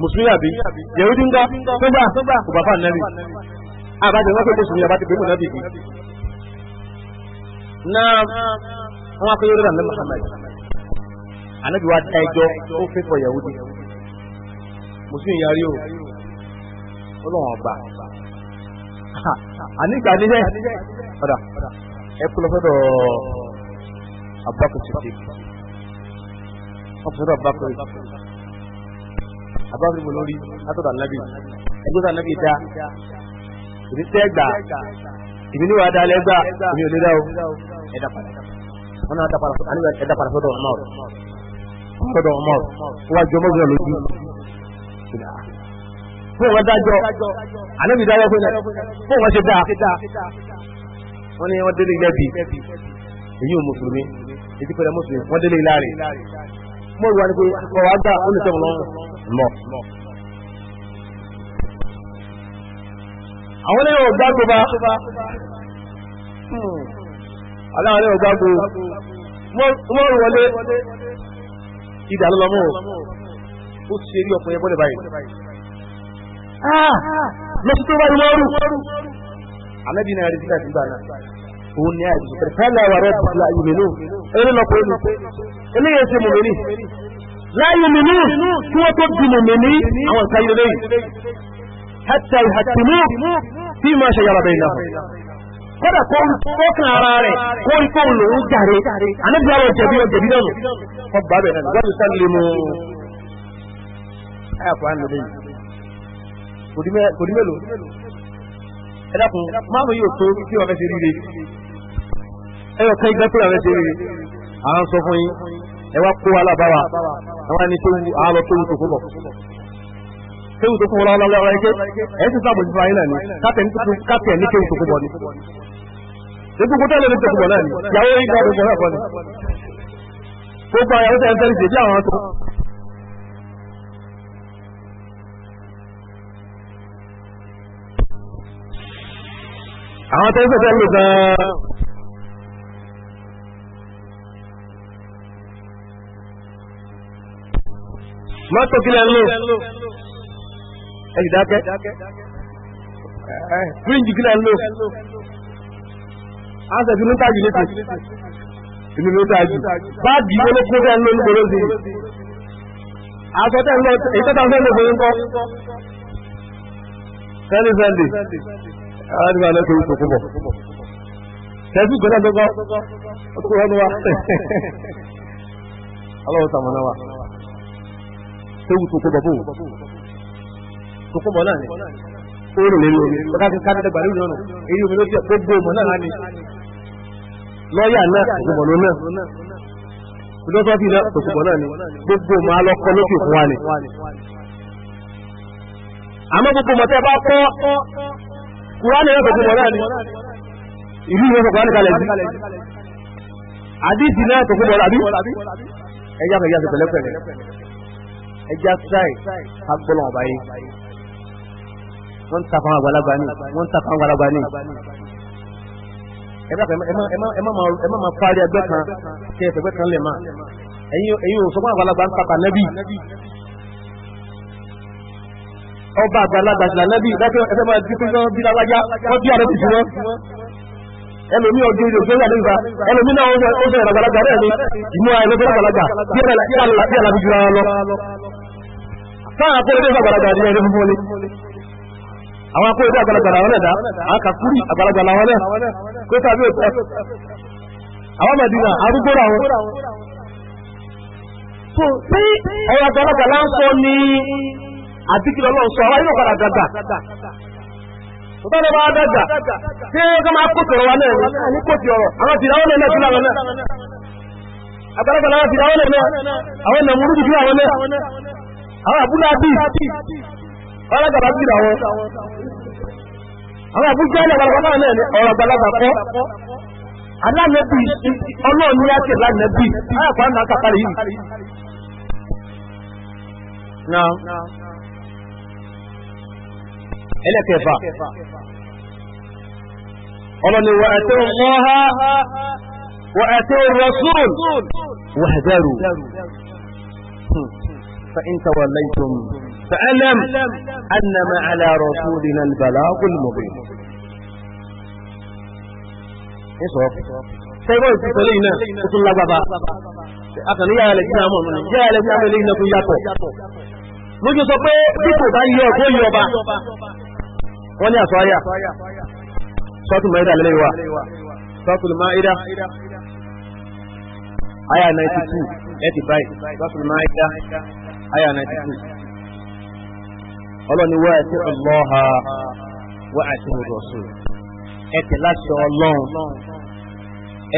mùsùlùmí àbí yẹ̀wúdì ń gbà tó gbà kò bàbá nàbì àbájọ wọn pé mùsùlùmí àbá ti pé mùsùlùmí àbí wọ́n á fẹ́ yọrọ nàbẹ Muhammad anabi wa da ẹjọ́ ó fẹ́ kọ Yahudi mùsùlùmí yarí o Ọlọ́run ọba ànígbà níjẹ ọdà ẹ kúlọ fọdọ abakun tètè ọfọdọ abakun abakun mo lórí látọdọ anabi ẹgbẹ́ tó anabi dá ìdí tẹ gbà ìdí níwàá dá lẹgbà èmi ò lè dá o ẹ dá padà wọn náà dápara sọ́dọ̀ àníwá ẹ dápara sọ́dọ̀ ọmọ rẹ sọ́dọ̀ ọmọ rẹ wọn jọ mọgbẹ lójú fún wọn dájọ ànábì dájọ fún yẹn fún wọn ṣe dáa wọn ni wọn délé ilẹ̀ bi èyí ò mùsùlùmí èyí pẹ̀lẹ́ mùsùlùmí wọn délé ilá rẹ mo rò wá ní pé ọwọ́ àgbà ó lè sẹ́wọ̀n lọ àwọn ẹ̀rọ ọ̀gá tó bá aláwọn ẹ̀rọ gbágbó wọ́n rú wọlé ìdà lọ́mọ́ ó ti ṣe rí ọkùnrin ẹgbọ́n báyìí ah! lọ́sí tó báyìí wọ́n rú alẹ́bí náà rí sílẹ̀ sí gbà náà òun ni àìsí pẹ̀lú àwọn ọ̀rẹ́ bùkúlà ìmìnú eré lọ́pọ̀ olú eléyìí ṣe mòmìnì láyé mìnú kí wọ́n tó di mòmìnì àwọn ìka ilé lẹ́yìn hẹ́tẹ̀ ìhàtìmú bí máa ṣe yàrá bẹ́ẹ̀ náà kódà kó rí fọ́kàn ara rẹ̀ kó rí kó lòun jàre àníbi àwọn jẹ̀bi ọjẹ̀bi náà nù wọ́n bá bẹ̀rẹ̀ náà wọ́n sáré mu ayàpọ̀ à ń lòdì kò dí mélòó ẹ dákun márùn yóò tó kí wọn fẹ́ ṣe rire ẹ yọ kán igbá wọn fẹ́ ṣe rire à ń sọ fún yín ẹ wá kó alábáwa àwọn ẹni tó wù á lọ tó wù tó fún bọ̀ kéwù tó fún wọn lọ́wọ́ lọ́wọ́ ike ẹ̀yìn sísá àbòjì fún ayé náà ni káàtẹ̀ ní kéwù káàtẹ̀ ní kéwù tó kú bọ̀ ni. gbogbo tẹ́lẹ̀ ní tó kú bọ̀ náà ni ìyàwó yìí náà ló bọ̀ náà bọ̀ ni. gbogbo àyàwó tẹ́lẹ̀ tẹ́lẹ̀ ṣèjì àwọn tó. àwọn tẹ́lẹ̀ tẹ́lẹ̀ gan-an mọ́tò kílẹ̀ ń lò ẹ ti dákẹ́ fíríǹjì kí náà lò ánsẹ̀ tí ló ń tàjù ní ti inú ló tàjù báàgì olókùn tẹ́ ń lò ní gbòòrò sí aṣọ tẹ́ ń lọ èyí tọ́ta fẹ́ lò fún kọ́ sẹ́ni sẹ́ndì aládùúgbò alẹ́kùn yìí sòkúbọ̀ tẹ́sí gbọ́dọ̀ gbọ́dọ̀ ọkùnrin ọdún wa ọlọ́run sàmọ́nà wa tẹ́wù sòkúbọ̀ fún kókó mọ́ náà ni orí mi lómi bàtà fi ká dẹ́gbàá lórí ọ̀nà èyí omi ló jẹ́ kó gbó mọ́ náà ni lọ́ọ̀yà náà kókó mọ́ náà lọ́sọ́bí náà kókó mọ́ náà ni gbogbo mọ́ alọ́kọ́ lókè fún wa ni. àmọ́ gbogbo mọ́ tẹ́ bá kọ́ kúránì náà kókó mọ́ náà ni ìlú ìwé kókó náà kalẹ̀ bí àdìsí náà kókó mọ́ náà bí ẹ̀yà kẹ̀yà kẹ̀kẹ́ lẹ́pẹ̀lẹ́ ẹ̀yà sáì agbọ́lọ̀ ọ̀bá wọ́n ń ta fún àgbàlagbà ni wọ́n ń ta fún àgbàlagbà ni. ẹ dákẹ́ ẹ má máa fárí ẹgbẹ́ kan kí ẹ fẹ́gbẹ́ kan lè máa ẹ̀yin ò sọ fún àgbàlagbà ń tàpá nẹ́bì ọba àgbàlagbà ìlà nẹ́bì dákẹ́ ẹ̀fẹ́ máa di fún bí lágbájá wọ́n bí àrẹ tìtì wọn ẹlòmí ọdún ìlú òṣèré àdéhùfà ẹlòmí náà ó sọ ìrọ̀ àgbàlagbà rẹ̀ ní ìmúra ẹ̀rọ tó àgbàlagbà bí àlàbí jura wọn lọ. sáà àpò ẹgbẹ́ àgbàlagbà ni ẹni fúnfún ni àwọn akóyèdè àgbàlagbà làwọn ẹ̀dá àwọn kàkúrì àgbàlagbà làwọn ẹ̀ kó tàbí òtẹ́ àwọn mẹ̀dínà arúgbó làwọn. tó pé ọ̀rọ̀ àgbàlagbà là ń sọ ní àdìkì lọ́lọ́ sọ àwọn yóò padà dàgbà. Bàbá mi bá dàgbà ṣé ká máa kó tọ̀rọ̀ wa náà ní kó ti ọ̀rọ̀ àwọn tìrà wọn náà tìrà wọn náà. Àgbàlagbà làwọn tìrà wọn náà àwọn nàmúrú alágbàdá sí àwọn àwọn àbújá ilẹ̀ balabala náà ni ọ̀rọ̀ balaba kọ́ alánẹ́bí ọlọ́run ní àti alánẹ́bí ayàpá náà kàkàrí yìí. na ẹlẹ́kẹ̀fà ọlọ́ni wà ẹ̀tẹ́ ọmọ́ha wà ẹ̀tẹ́ rasul wà ẹ̀dẹ́rù hmm. fa in tawallaytum فألم أنما على رسولنا البلاغ المبين sẹ́gbọ́n ìtìsọ lè iná ó tún lágbàbà akànní yára lè jìnà àmọ́ ní yára lè jìnà àmọ́ ilé iná tó yàtọ̀ lójú sọ pé dípò bá yọ ọ̀kọ́ yọ ọba wọ́n ní àṣọ ayà sọ́tù maida lè wà sọ́tù maida ayà 92 ẹ̀tì báyìí sọ́tù maida ayà 92 ọlọ́ni wá ẹ̀tí ọlọ́ha wá àti ìrọ̀sù ẹ̀tẹ̀ láti ọlọ́run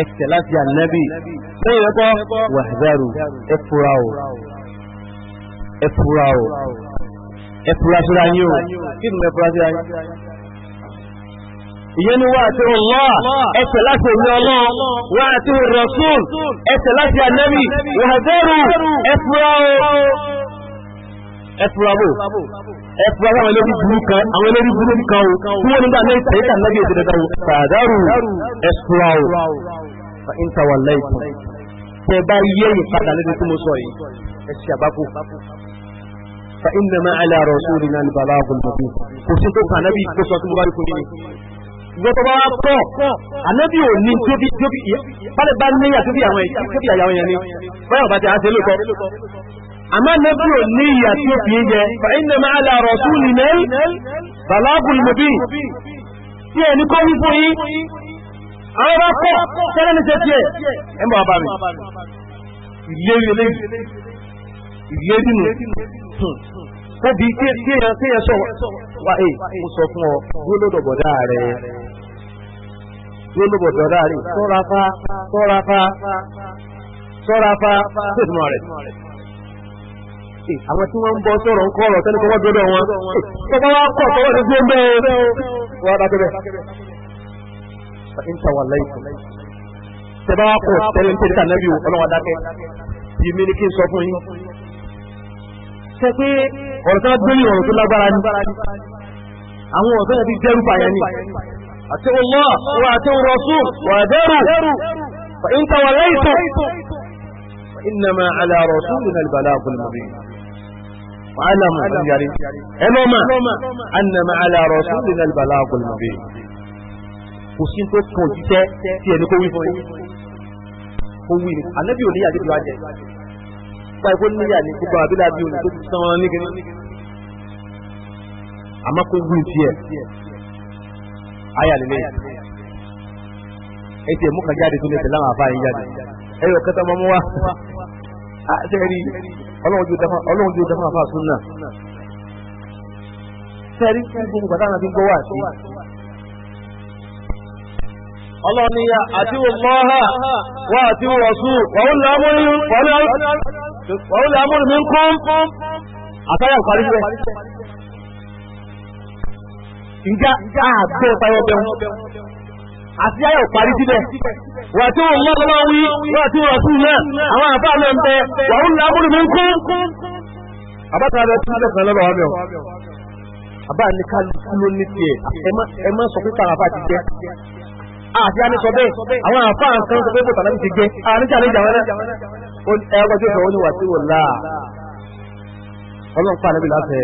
ẹ̀tẹ̀ láti ànẹ́bì lẹ́yìn ẹ̀kọ́ wàhẹ́rù ẹ̀fúra o ẹ̀fúra o ẹ̀fúra síra yín o kí ni ẹ̀fúra síra yín ìyẹn ni wá àti ọlọ́ ẹ̀tẹ̀ láti èmi ọlọ́run wá àti ìrọ̀sù ẹ̀tẹ̀ láti ànẹ́bì wàhẹ́rù ẹ̀fúra o ẹ̀fúra bò ẹ̀pọ̀ àwọn ẹlẹ́rú burú kan àwọn ẹlẹ́rú burú kan o tí wọ́n nígbà náà ìtẹ̀yẹ́ kan lẹ́gbẹ̀ẹ́ ìṣẹ̀lẹ̀ kan o fàdárù ẹ̀sùra fa ìntàwà lẹ́ìkùn tẹ bá yẹ ìpadà lẹ́nu tí mo sọ yìí ẹ àbákò fa ìnnà máa àlẹ́ àrọ̀ sórí náà ní bàbá kò sí tó kàn nábì tó àmá nẹ́bí ò ní ìyà tí ó fi ń jẹ fàínà máa làrọ̀ tún ní mẹ́rin bàlágùn mọ̀bí tí ẹ̀ ní kọ́ wípé yí àwọn bá kọ́ tẹ́lẹ̀ ní tẹ́tí ẹ̀ ẹ mọ̀ bá mi ìlérí ìlérí Eh, àwọn tí wọ́n ń bọ́ sọ̀rọ̀ ń kọ́ ọ̀rọ̀ tẹ́lẹ̀ kọ́kọ́ dọ́dọ̀ wọn eh, tọ́kọ́ wá pọ̀ tọ́wọ́ ti gbé ń bẹ́ wọ́n bá tẹ́lẹ̀ ìta wà lẹ́yìn tẹ́lẹ̀ wá pọ̀ tẹ́lẹ̀ ń tẹ́lẹ̀ tànẹ́bí ọlọ́wà dákẹ́ yìí ní kí n sọ fún yín tẹ́ pé ọ̀rọ̀ tó gbé ní ọ̀rọ̀ tó lágbára ní àwọn ọ̀tọ́ yẹn ti dẹ́rù pààyàn ni àti Allah àti fa'alamu anjari ẹlọ́mà annama ala rasulina albalagul mubin kò sí tó kàn jíṣẹ́ tí ẹni kó wí fún ó wí ní anábì òní àti ìlú ajẹ́ pa ikú níyà ní gbogbo àbílà bí òní tó ti sàn án nígbìn àmọ́ kó wí tiẹ̀ ayà lélẹ̀ ẹ tiẹ̀ mú kàn jáde tó lè tẹ̀lé àwọn àbá yín jáde ẹ yọ kẹta mọ́mú wa ṣe rí ọlọ́run ju dafa ọlọ́run ju dafa gbogbo gbàdá náà ti sí. ọlọ́run àti wòlọ́ha wá àti wọ̀sù wàhùn làmúrin mi ń kún àtàyà ìparí rẹ̀. a àgbẹ̀ ìparí ọbẹ̀ àti ayé òparí síbẹ̀. Wà tí wọ́n lọ́wọ́ máa wí, wà tí wọ́n sùn náà, àwọn àbá náà ń bẹ, wà ń la múlùmí ń kún. Àbáta rẹ̀ tún lẹ́sàn lọ́bàá wà mẹ́wọ̀. Àbá ní kálukú ló ní tiẹ̀, ẹ má sọ pé kàràbà ti jẹ́. Àti a ní sọ bẹ́ẹ̀, àwọn àfa àǹkan sọ pé bò tàbí ti jẹ́, àní jà ní jà wọn náà. Ẹ ọkọ̀ tí ó sọ wà tí wọ́n là. Ọlọ́run pa ànábì láfẹ́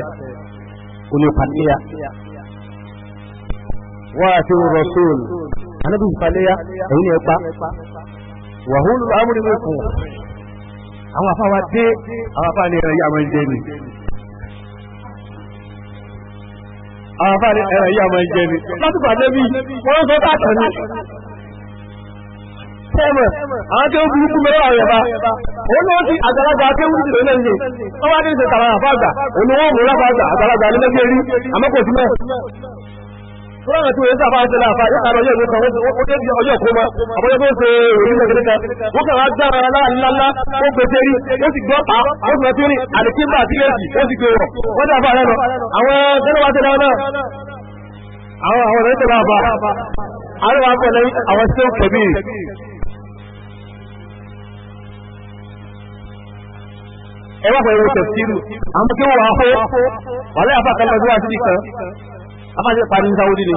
onípàdé wa ti rọ̀ sóòlù anábì ìfàlẹ́yà ẹ̀yìn ni ẹ pa wàhùn amúni mi kù àwọn afá wa dé àwọn afá ni ẹ̀rọ yìí àwọn ẹ̀jẹ̀ ni àwọn afá ni ẹ̀rọ yìí àwọn ẹ̀jẹ̀ ni láti pàdé bí wọ́n sọ káàtọ̀ ni sẹ́mọ̀ àwọn akéwù burúkú mẹ́rọ àwọn ẹ̀bá òun ló ti àgbàlagbà akéwù ti lè lẹ́yìn wọ́n wá dé ìṣẹ̀tàrà àfáàgbà òun ni wọ́n mú lápá àgbà àgbàlagbà alẹ́gbẹ̀ẹ́rí àmọ́kòtúmẹ́ Fúlànà tí wọ́n sábà ń tẹ́lá àfá yóò kàrọ ọjọ́ ìwé kan ó dé bí ọjọ́ ìkó ma, àbọ̀yọ́ bó ṣe òrìlẹ̀ kìrìkà. Ó kàrọ agbára aláàlá ó pèsè rí, ó sì gbọ́ pa, ó sì mẹ́tí rí, àdìkíbà àti lẹ́sì, ó sì gbé rọ̀. Wọ́n dà bá rẹ̀ lọ, àwọn tẹ́lẹ̀wá tẹ́lẹ̀ náà, àwọn àwọn ọ̀rẹ́ tẹ́lẹ̀ àbá, àwọn àwọn akọ̀ lẹ́yìn àwọn afáṣe parí ní sáwọ́dí ni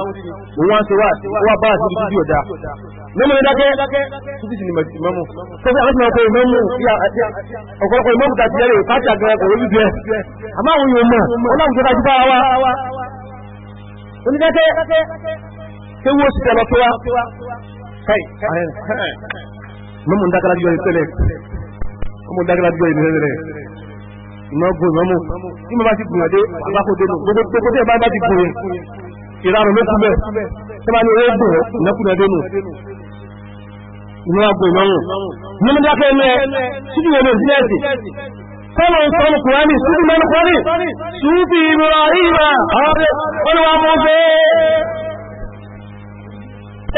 mo wá ń ṣe wá wá bá àṣírí dídí mẹ́mú ní dákẹ́ títí sí ni mẹ́mú sọ́fẹ́ àwọn ìmọ̀ ọ̀pọ̀ ìmọ̀mú ọ̀pọ̀lọpọ̀ ìmọ̀mú tàbí ẹ̀rọ ìfáṣẹ àgbẹ̀rẹ̀ kò lójú jẹ́ àmọ́ àwọn yòó mọ̀ ọlọ́run tó dájú bá wa onídẹ́kẹ́ ṣé wo tẹ̀lọ tó wa mẹ́mú ní dákẹ́ lájú ọ̀yẹ́ ìmọ̀gbọ̀n ìmọ̀mọ̀ tí mo bá ti gbìyànjú àbákòdé nù gbogbo tó kọjá bá ti gbìyànjú ìrarùn ló kú bẹ́ẹ̀ tí wọ́n ní eré gbòòrò ìnákùnàdé nù ìmọ̀gbọ̀n ìmọ̀mọ̀. mímúdákẹ́ ẹ̀mẹ́ síbi wo ló ń sílẹ̀sì kọ́lọ̀ ń sọ́nù kùránì síbi mẹ́nu kùránì síbi ìmọ̀ràn olùwà mú bẹ́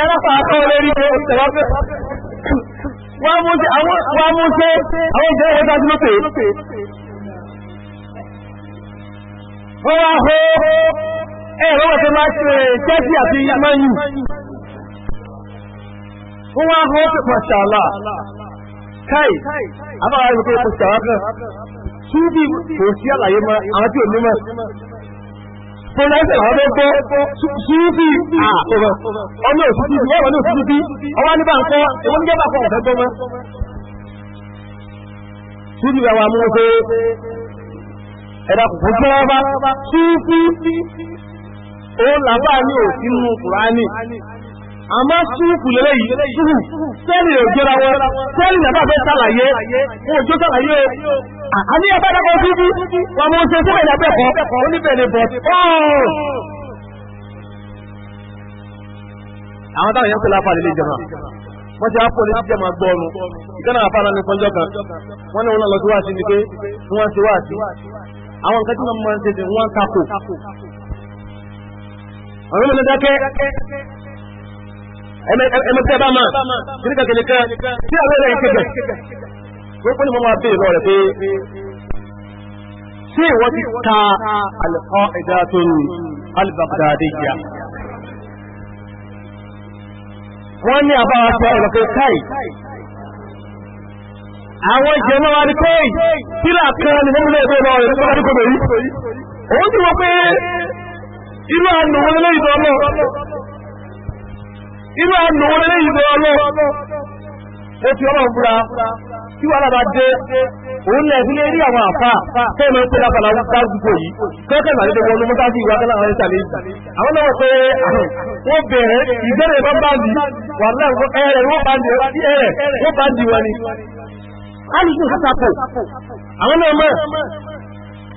wọ́n mú ṣe àwọn ìjẹ́ ẹ̀ẹ́dájú lópe wọ́n wá hó ẹ̀rọ wọ́n tẹ́ máa ṣe jẹ́sì àti yamani wọ́n wá hó pé pàṣàlá káì àbára rẹ̀ pé pàṣàlá náà túbí kò sí àlàyé mọ́ àwọn tí ò ní mọ́ Fọláṣẹ́ àwọn ọdọ́ gbọ́ ṣúúfì àkọ́rọ̀. Ọmọ òṣìṣẹ́ ìwọ̀n wọn ní òṣìṣẹ́ bí ọwá ní bá ń kọ́ ìwọ́n ní jẹ́ bá kọ́ ọ̀fẹ́ gbọ́mọ́. Ṣúúfì àwọn amúnṣe ẹ̀dá kò gbọ́ ọba súfì ó làbá ní òsínú kùránì àmọ́ súfù lélẹ́ yìí súfù sẹ́lì òjòra wọn sẹ́lì nàbà fẹ́ sàlàyé wọn òjò sàlàyé o àní ẹ̀fẹ́ dẹ́kọ̀ súfì wọn mo ṣe fún ẹ̀dá bẹ́ẹ̀kọ́ oníbẹ̀rẹ̀ bọ̀ àwọn táwọn yẹn ń pè láfa lè jẹun wọ́n ti àpò ní jíjẹ́ máa gbọ́ ọ̀run ìkànnà àfààní ọ̀nà ìpọ́njọ́ kan wọ́n ní wọn lọ sí wáàsí ni pé wọ́n ti wáàsí àwọn nǹkan tí wọ́n máa ń ṣe fi wọ́n tako àwọn ọmọ dákẹ́ ẹmẹ́tẹ́ bá máa kìríkà kìríkà tí àwọn ẹ̀rẹ́ ìkẹ́kẹ́ wọ́n ni wọ́n máa bèèrè rẹ̀ pé ṣé ìwọ́n ti ta alẹ́kọ́ ẹ̀dá tó ní al-Baghdadiyya wọ́n ní àbára sọ ọ̀rọ̀ pé káì àwọn ìṣẹ̀mọ́ wa ní pé tíra kan ní mọ́mílẹ̀ ẹgbẹ́ lọ rẹ̀ fún àdúgbò yìí òun ti wọ pé inú ànùwọ̀n lẹ́yìn tó lọ inú ànùwọ̀n lẹ́yìn ó fi ọmọ fúra dé òun lẹ̀ àwọn àfà yìí ìgbà lédè sí ìwà kẹ́lá àwọn alùsùn sí tako àwọn náà mọ̀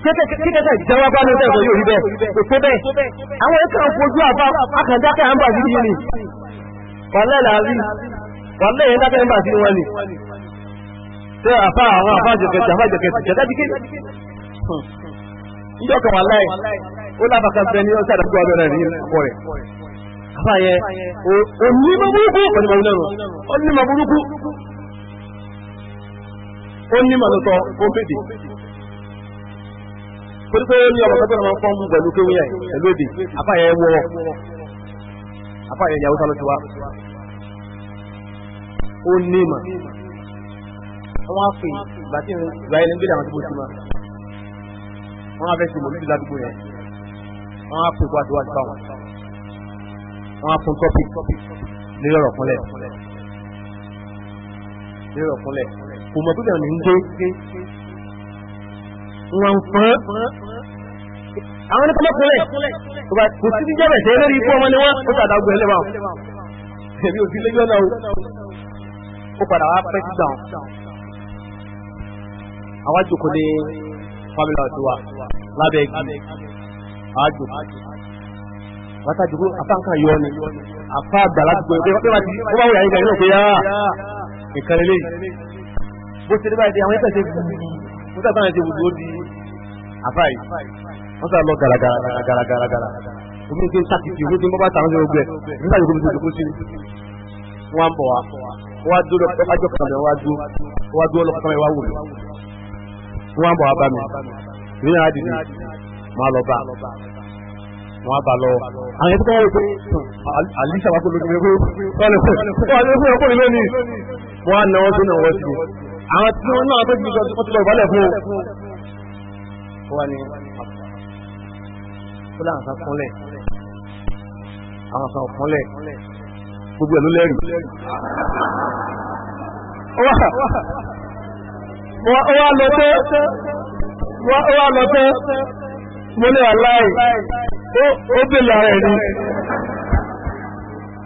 kíkẹ́kẹ́ ìjọba bá lọ́tẹ̀ ìsọ̀rí òrí bẹ́ẹ̀ kò tó bẹ́ẹ̀ àwọn ẹ̀kọ́ fojú àbá akàndákẹ́ àmbà sí yìí ni wàlẹ́ làárí wàlẹ́ yẹn dákẹ́ àmbà sí wọn ni tẹ́ àfá àwọn àfájọkẹ̀tì àfájọkẹ̀tì jẹ́dájíkẹ́ ìjọkọ̀ wàlẹ́ ó lábàkà fẹ́ ní ọjọ́ àdàgbà ọdọ rẹ̀ rí ọkọ rẹ̀ àfáyẹ onímọ̀ burúkú ó ní màlúkọ ó fèdè torí pé ó ní ọmọ pẹ́pẹ́ máa ń fọ́n mú pẹ̀lú kéwú yẹn pẹ̀lú èdè apáyẹ wọ apáyẹ ìyàwó sálọ ti wá ó ní mà wọ́n á fi ìgbà tí ìgbà yẹn ń gbé àwọn tó bó ti máa wọ́n á fẹ́ ṣe mọ̀lúdì ládùúgbò yẹn wọ́n á pè kó àti sí báwọn wọ́n á fún tọ́pì lórí ọ̀rọ̀ kúnlẹ̀ lórí kò mọ̀ pípẹ̀ ní gbé wọn fún àwọn ní kọmọkùnrin kò sí jíjẹ́ bẹ̀ tẹ́lẹ̀ rí fún ọmọ ni wọ́n ó sàdágbé ẹlẹ́wà ẹ̀bí òsì lẹ́jọ́ náà ó padà wá pẹ́ sí dáun àwọn àjòkò ní family house wa lábẹ́ igi àjò látàjòkò afáǹkà yọ ni afá àgbà láti gbọ́ ẹgbẹ́ wọ́n bá wù yà ní ìgbà yóò pé yá ìkànnì lẹ́yìn bó ṣe rí báyìí dé àwọn ẹgbẹ́ ṣe gbùgbù wọ́n sábà ṣe gbùgbù ó di àfáì wọ́n sábà lọ gàràgàràgàràgàrà omi tó ṣàkìtì omi tó ń bá tàwọn ọgbẹ́ nígbà yòókù mi tó ṣe kó sí wọn bọ̀ wá wọ́n á dúró lọ́jọ́ kan mẹ́wàá dúró wọ́n á dúró lọ́jọ́ kan mẹ́wàá wò wọ́n á bá lọ àwọn wọ́n á náwó tó àwọn tí wọ́n náà tó fi jọ tó tilẹ̀ ìbálẹ̀ fún ó wà ní fúlà nǹkan kúnlẹ̀ àwọn nǹkan kúnlẹ̀ gbogbo ẹ̀ ló lẹ́rìí ó wá lọ pé ó wá lọ pé mo lè ó bèèrè ara ẹ̀ ni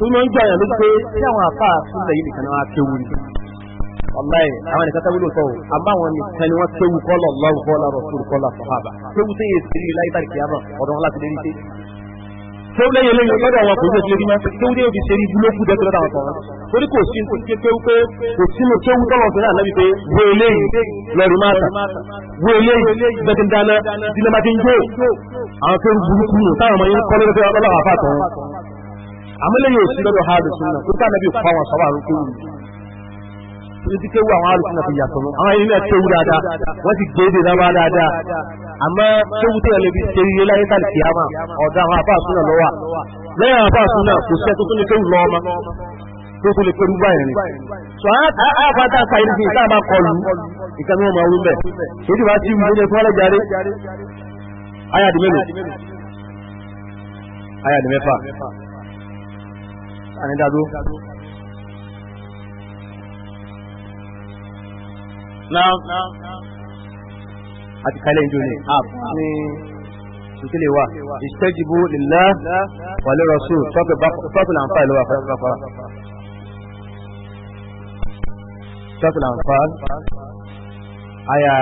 tó máa ń gbà yàn ló pé tí àwọn àfa àtúntà yìí nìkan náà kéwu ni wàláyé àwọn nìkan tẹ́wúlò sọ o àmọ́ àwọn nìkan ni wọ́n kéwu kọ́lọ̀ lọ́wọ́ kọ́lá rọ̀ṣùn kọ́lá sọ̀hábà kéwu tó yẹ sílẹ̀ láyé tàbí kìámà ọ̀dọ̀ wọn láti lè rí tó lẹ́yìn lẹ́yìn lọ́dọ̀ àwọn kò ní ṣe rí mọ́ tó ní òbí ṣe rí búlókù dẹ́tọ́ lọ́dọ̀ àwọn kan torí kò sí ní ṣe kéwú pé kò sí ní kéwú tọ́lọ̀ sí náà lẹ́bi pé wo eléyìí lọ́rù máa tà wo eléyìí ti ń jó àwọn kéwú àmọ́lẹ̀ yóò sí lọ́dọ̀ hàlù súnà tó ká nàbí òkú àwọn sọ́wọ́ àrùn kéwù tó ti kéwù àwọn hàlù súnà fi yàtọ̀ mọ́ àwọn ilé kéwù dáadáa wọ́n ti gbé èdè náà dáadáa àmọ́ kéwù tó yẹn lè fi ṣe ilé láyé sáré kìámà ọ̀dọ̀ àwọn àfáà súnà lọ́wà lẹ́yìn àwọn àfáà súnà kò sí ẹtú tó lè kéwù lọ́ọ́mọ tó tó lè kéwù báyìí ni sọ àfáàtà sáyẹn ànídádó náà àti kalẹ̀ ìjọ ní app ní ìtìlẹ̀ wa ìṣẹ́jìbó lílá pàlẹ́ rọ̀ṣù sọ́tùlà ń fà ìlú àfẹ́fẹ́fà sọ́tùlà ń fà àyà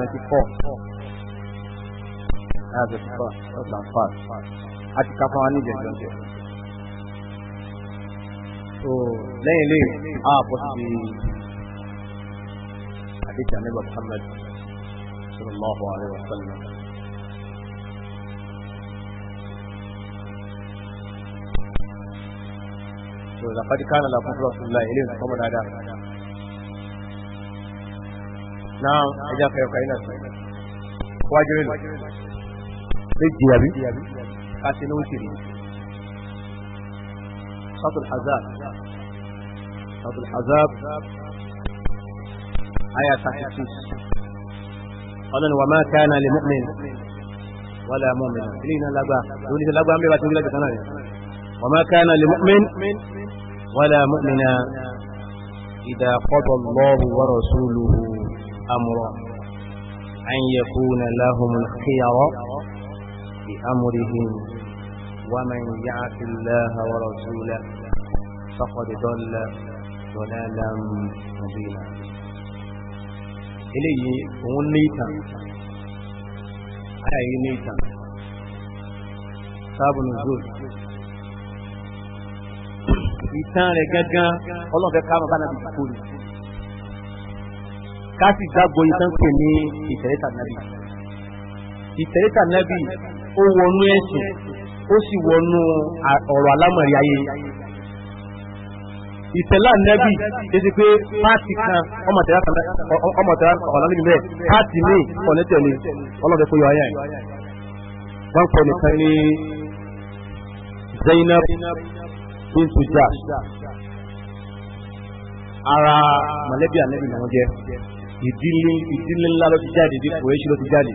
24 àyà 24 sọ́tùlà ń fà àti káfà wá ní ìjẹ̀jọ́ so lẹ́yìn lè a bọ́ sí àdéjà nígbà Muhammad sallallahu alaihi wa sallam. so laqad kana lakum rasulullah ilayhi wa sallam dada na ẹja fẹ́ ọkà iná sí wájú rẹ̀ lọ méjì àbí káṣí ló ń ṣe nìyí. خط الحزاب خط الحزاب آية تحسيس قال وما كان لمؤمن ولا مؤمن لينا لبا دوني لا أمري باتنجي لك ثانية وما كان لمؤمن ولا مؤمن إذا قضى الله ورسوله أمرا أن يكون لهم الخيار في أمرهم ومن يعص الله ورسوله فقد ضل ضلالا مبينا eléyìí òun ní ìtàn ayàyí ní ìtàn sábùnù zoon ìtàn rẹ̀ gángan ọlọ́fẹ́ káàmù bá nàbì kúkú ni ká sì ìtàn pè ní ìtẹ̀lẹ́tà nàbì ìtẹ̀lẹ́tà nàbì ó wọnú ẹ̀sìn ó sì wọnú ọ̀rọ̀ alámọ̀rí ayé ìtẹ̀lá nẹ́bì títí pé pàtì kan ọmọ̀tẹ̀lá ọ̀lọ́lẹ́bì mẹ́ pàtì ní ọ̀lẹ́tẹ̀lẹ́ ọlọ́dẹ kó yọ ayé ẹ̀ wọ́n pọ̀ nìkan ní Zainab ara mọ̀lẹ́bí ànẹ́bì náà jẹ́ ìdílé ńlá ló ti jáde ìdílé ló ti jáde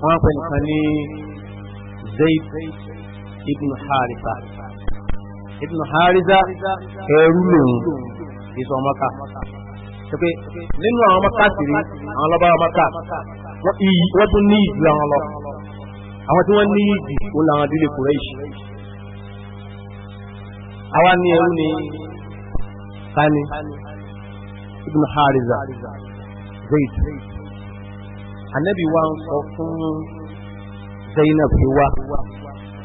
wọ́n nìkan zaid ibn harisa ibn harisa ẹrú lòun èso ọmọka ṣe nínú àwọn ọmọka sírí àwọn lọ́ba ọmọka wọ́n tún ní ìdí àwọn lọ àwọn tí wọ́n ní ìdí làwọn àwa ní ẹrú ni sani ibn harisa zaid anabi wa ń sọ fún Zainab fi wá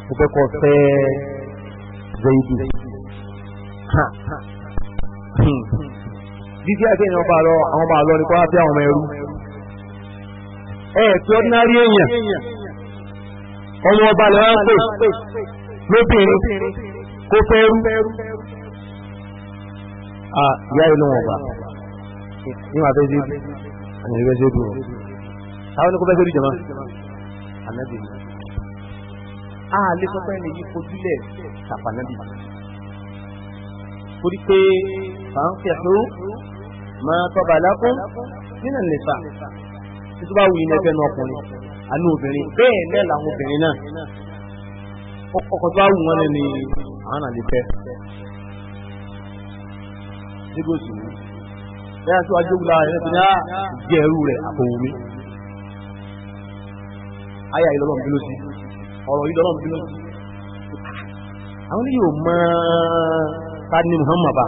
mo fẹ́ kọ́ fẹ́ Zaidu jíjí àti èèyàn bá lọ àwọn bá lọ ní kọ́ láti àwọn ọmọ ẹrú ẹ tí ordinary èèyàn ọmọ ọba lè wọ́n pè lóbìnrin kó fẹ́ rú ìyá inú ọba níwà fẹ́ sí ibi àmì ìrẹsẹ̀ dùn ọ́ táwọn ní kó fẹ́ sí ibi jẹ̀mọ́ a ah, ah, lè sọ pé nìyí fojúlẹ̀ ṣàpànàbì torí pé fàǹfẹ̀hó máa tọ́ba lákún nínú nìfà títí bá wù yín ẹgbẹ́ náà ọkùnrin àánú obìnrin bẹ́ẹ̀ náà làwọn obìnrin náà ọkọ̀ tó bá wù wọ́n ní àwọn ah, àlefẹ́ nígbò sí ní lẹ́yìn tó ajé wùlá rẹ̀ nítorí àjẹ́ ẹrú rẹ̀ àbòwò mi ayé àyè lọ́lọ́mù bí ló sí ọ̀rọ̀ yìí lọ́nà bínú àwọn yóò mọ́ tani Muhammad bá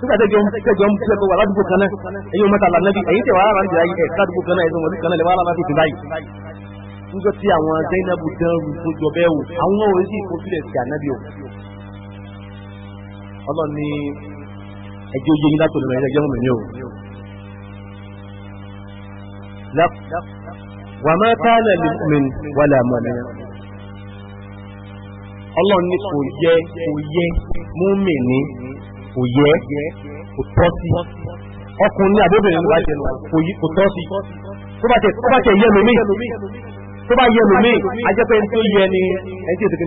nígbà tẹ́jọ tẹ́jọ ń tẹ́jọ wà ládùúgbò kan náà èyí mọ́ta lànàbí èyí tẹ̀wà ara ń jẹ́ ayé ẹ̀ka ládùúgbò kan náà ẹ̀sùn wọlé kan náà lẹ́wà alábàbí ti báyìí níjọ́ tí àwọn Zainabu dán rú tó jọ bẹ́ẹ̀ wò àwọn náà orí sí ìfòsílẹ̀ sí ànábì o ọlọ́ni ẹjọ́ yé yín látòlùmọ̀ ẹ̀jẹ̀ mọ̀ mí o wà máa káàlẹ̀ lùmìn wà láàmùmí ọlọ́run ní kò yẹ kò yẹ múmi ní kò yẹ kò tọ́ sí ọkùnrin àbóbìnrin wà jẹ́ kò tọ́ sí tó bá tẹ̀ yẹ lómi tó bá yẹ lómi ajẹ́pẹ́ tó yẹ ni ẹni tí ètùkú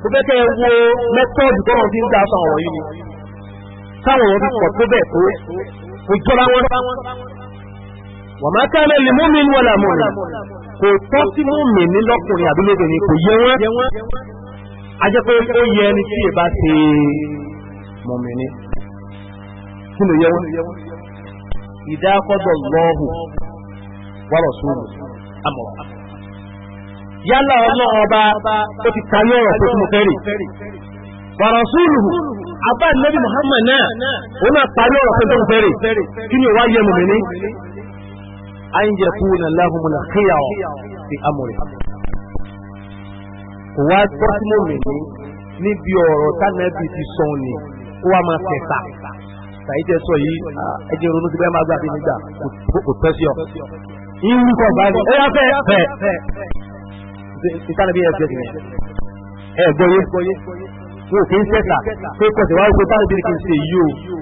tó bẹ́ẹ̀ wo mẹ́tọ́ọ̀dù tó wọ́n fi ń dá sọ ọ̀rọ̀ yìí táwọn èèyàn ti pọ̀ tó bẹ́ẹ̀ tó kò wọn wàmá kánà lè mú mi ní wọlé àmọ́ rẹ̀ kò tọ́ sí mú mi ní lọ́kùnrin àbí lóbìnrin kò yẹ wọ́n a jẹ́ pé ó yẹ ẹni tí ìbá ti mọ̀ mí ní kí ló yẹ wọ́n ìdákọ́dọ̀ lọ́hùn wọ́rọ̀ sóòrò àmọ̀ yálà ọlọ́ọba ó ti ta ní tó ti mo fẹ́ rè wọ̀rọ̀ sóòrò abá náà ó náà ta ní tó ti mo fẹ́ rè kí ni ó yẹ mọ̀ mí ní an yakuna lahumul khiyar fi amri kò wá gbọ́ sí mòmìnì níbi ọ̀rọ̀ tánàbì ti sọ ni kó wá máa tẹ̀sà tàyíjẹ sọ yìí ẹjẹ ronú ti bẹ́ẹ̀ máa gbà bí nígbà kò tẹ́ sí ọ. ìwú kọ̀ báyìí ẹ yá fẹ́ fẹ́ ìtànàbí yẹn fẹ́ nìyẹn. ẹ gbọ́ yé wọn ò kí ń tẹ̀sà pé kọ̀sẹ̀ wá wípé tánàbì kì í ṣe yìí o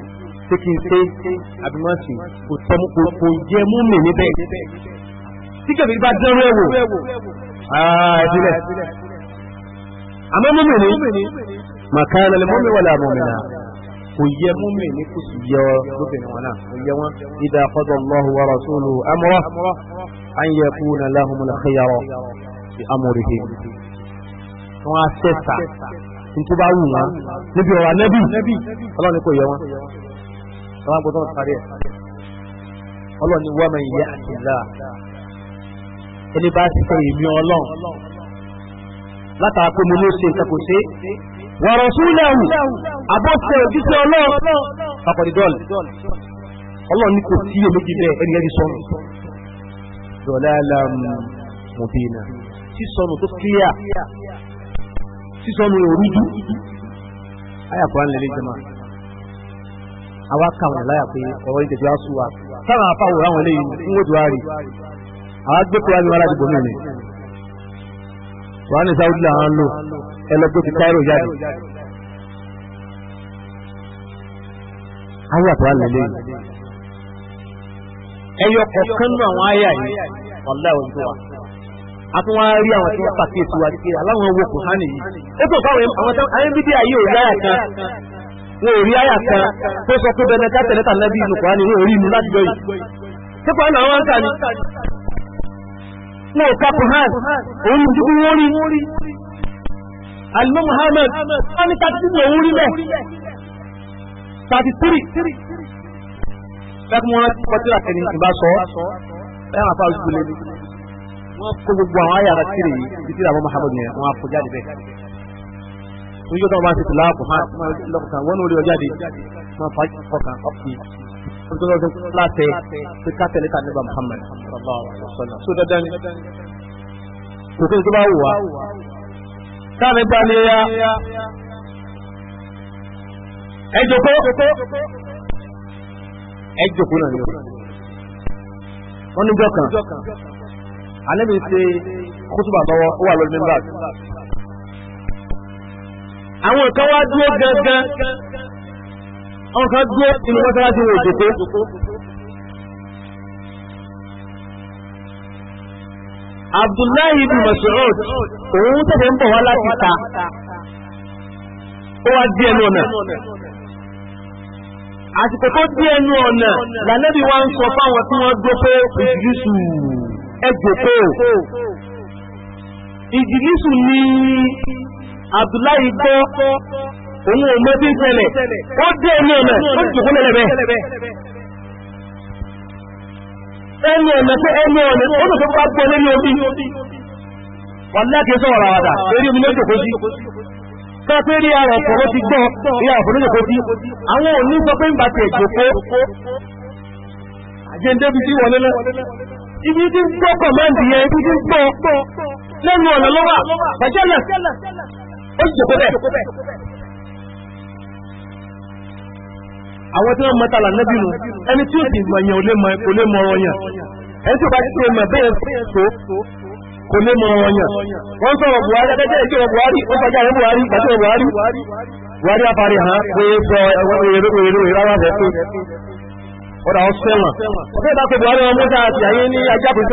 ṣé kí n ṣe àbímọ́sí kò tọ́mú kò jẹ́ mú mi níbẹ̀ tí kẹfì bá dánwó ẹ̀wò ẹ̀dílẹ̀ àmọ́ mú mi ní màkàrà lè mú mi wà láàmú mi náà kò yẹ mú mi ní kò sì yẹ lóbìnrin wọn náà kò yẹ wọn ìdá àkọ́dọ̀ Allahu wa rasuluhu amra an yakuna lahumul khiyara fi amrihim wọn á tẹ̀sà nítorí bá wù wọn níbi ọ̀rọ̀ anẹ́bì ọlọ́run kò yẹ wọn wọn gbọ́dọ̀ sáré ẹ ọlọ́run ni wọn máa yẹ àtìlá ẹni bá ti tẹ èmi ọlọ́run látara pé mo ní ó ṣe nǹkan kò ṣe wa rasulahu àbọ̀ṣe òjíṣẹ́ ọlọ́run pàpàdé dọ́ọ̀lù ọlọ́run kò sí èméjì bẹ́ẹ̀ ẹni ẹni sọnù dọ̀láàlàm mubina sísọnù tó kíyà sísọnù òrújú ayàkùrán lẹ́lẹ́ àwa kà wọn láyà pé ọ̀rọ̀ ìtẹ̀jú á sùn wa táwọn afáwò ráwọn eléyìí ń wò tó wá rí àwa gbé kúrò ní wàhálà ìdìbò mìíràn wàhálà ìsáwùdí làwọn ń lò ẹlẹgbẹ́ ti káírò jáde ayé àtàwọn lẹ́lẹ́ yìí ẹyọ kọ̀ọ̀kan nínú àwọn ayé àyè ọ̀làwọ̀n tó wà a tún wá rí àwọn tí wọ́n pàkíyèsí wa pé aláwọn owó kò hánì yìí ó tó fáwọn àwọn ayé bíbí ayé ò láyà kan wọn ò rí àyà kan tó sọ pé bẹ̀rẹ̀ káàtẹ̀ lẹ́tà lẹ́bí inú kọ́ ni wọn ò rí inú láti gbọ́ yìí tí kọ́ náà wọ́n ń kà ní wọn ò kápù hàn òun ní dúkú wọ́n rí alimọ́ Muhammad wọ́n ní tàbí tìlẹ̀ òun rí bẹ́ẹ̀ tàbí tírì fẹ́kún wọn ti kọjú àtẹni ìbá sọ ẹ̀yàn àfa òṣù lẹ́nu wọ́n kó gbogbo àwọn àyà àtàkìrì yìí títí àwọn Muhammad yẹn wọ́n á kọjá níbẹ̀ níjọ́ tó wọn bá ti tìlá àpò hàn lọ́kàn wọn ní orí ọjà de wọn fà ọkàn ọkì wọn tó lọ́sọ láti fi kátẹ́lẹ́ ta nígbà Muhammad so dandan ni tòkè tó bá wù wá káàmì bá ní ya ẹ jòkó ẹ jòkó náà ni wọn níjọ́ kan alẹ́ mi ṣe kótóbà lọ́wọ́ ó wà lọ́dún mẹ́mbà àwọn kan wá dúró gangan àwọn kan dúró inú mọ́sálásí wọn òjòkó Abdullahi ibn Mas'ud òun tẹ̀lé ń bọ̀ wá láti ta ó wá dí ẹnu ọ̀nà àsìkò tó dí ẹnu ọ̀nà lànàbí wa ń sọ fáwọn tí wọ́n gbé pé ìjìlísù ẹgbẹ̀pẹ̀ ìjìlísù ní Abdullahi gbọ́ òun ò mọ́ bí ń tẹ́lẹ̀ ó dé ẹni ọ̀nà ó jùkú lẹ́lẹ̀ bẹ́ẹ̀ ẹni ọ̀nà pé ẹni ọ̀nà ó lò tó bá gbọ́ lórí omi wọ́n lákè sọ̀rọ̀ àwàdà lórí omi lójò kó sí sọ pé rí ara ọ̀pọ̀ ló ti gbọ́ rí ara ọ̀pọ̀ lójò kó sí àwọn òní sọ pé ń bá tiẹ̀ jòkó àjẹ́ndé bí sí wọlé lọ ibi tí ń gbọ́ kọ̀mọ́ǹdì yẹn ibi tí ń gbọ́ lẹ́nu ọ̀nà lọ́wọ́ àjẹ́lẹ̀ ó jòkó bẹ́ẹ̀. àwọn tí wọ́n mọ tààlà nẹ́bí nu ẹni tí ó sì mọ yẹn ò lè mọ ọ̀rọ̀ yẹn ẹni tí ó bá ti tó mọ bẹ́ẹ̀ tó kò lè mọ ọ̀rọ̀ yẹn wọ́n sọ̀rọ̀ Buhari ẹgbẹ́ ìjọba Buhari ó sọ jáde Buhari gbàtẹ́ Buhari Buhari apari hàn pé sọ èrò èrò rárá rẹ̀ tó ọ̀dà ọ̀sẹ̀wọ̀n ọ̀fẹ́ ìdáko Buhari ọmọdé àti àyè ní ajábòsí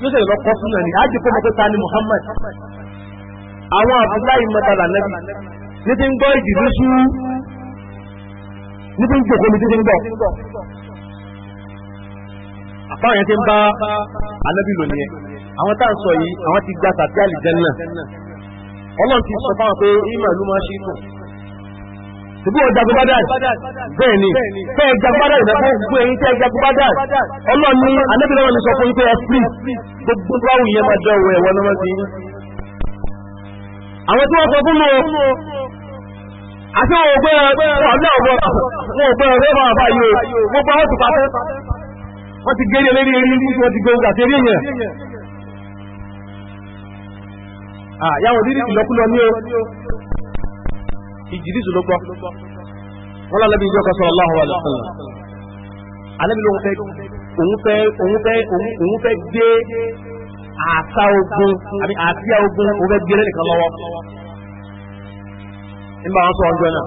yóò ṣẹlẹ̀ lọ kọ́ súnà ní ájú kó mọ̀ pé ta ni Muhammad àwọn Abdullahi mọ́tàlá nẹ́bí ní ti ń gbọ́ ìdìrí sú ní ti ń jòkó ní ti ń gbọ́ àpáwọn yẹn ti ń bá anábì lò nìyẹn àwọn tá à ń sọ yìí àwọn ti gba tàbí àlìjẹ náà Ọlọ́run ti sọ fáwọn pé ìmọ̀ ìlú máa ṣe tún ṣùgbọ́n ọjà gbọ́dá bẹ́ẹ̀ ni fẹ́ ẹja gbọ́dá ìdájọ́ gbogbo ẹ̀yìn tẹ́ ẹja gbọ́dá ọlọ́ni anábìlẹ̀ wọn ni sọ fún ipe ẹ̀fí gbogbo báwù yẹn máa jẹ́ òwe ẹ̀wọ̀n náà sí. àwọn tí wọ́n sọ fún mi o àti wọn ò gbé ọ̀nà ọ̀gbọ́n wọn ò gbé ọ̀rẹ́ máa bá yìí o mo bá wọn ti pàtó wọn ti géré lérí ti gbé ogun àti eré yẹn. àyàwó dídì ìlọkulọ ni o ìjìdísù ló gbọ́ wọ́n lọ lẹ́bi ìjọ kan sọ̀rọ̀ aláhùn wa lọ́sàn alẹ́bi ló ń fẹ́ òun fẹ́ òun fẹ́ òun fẹ́ gbé àṣà ogun àbí àṣìá ogun òun fẹ́ gbé lẹ́nìkan lọ́wọ́ nígbà wọn sọ ọjọ́ náà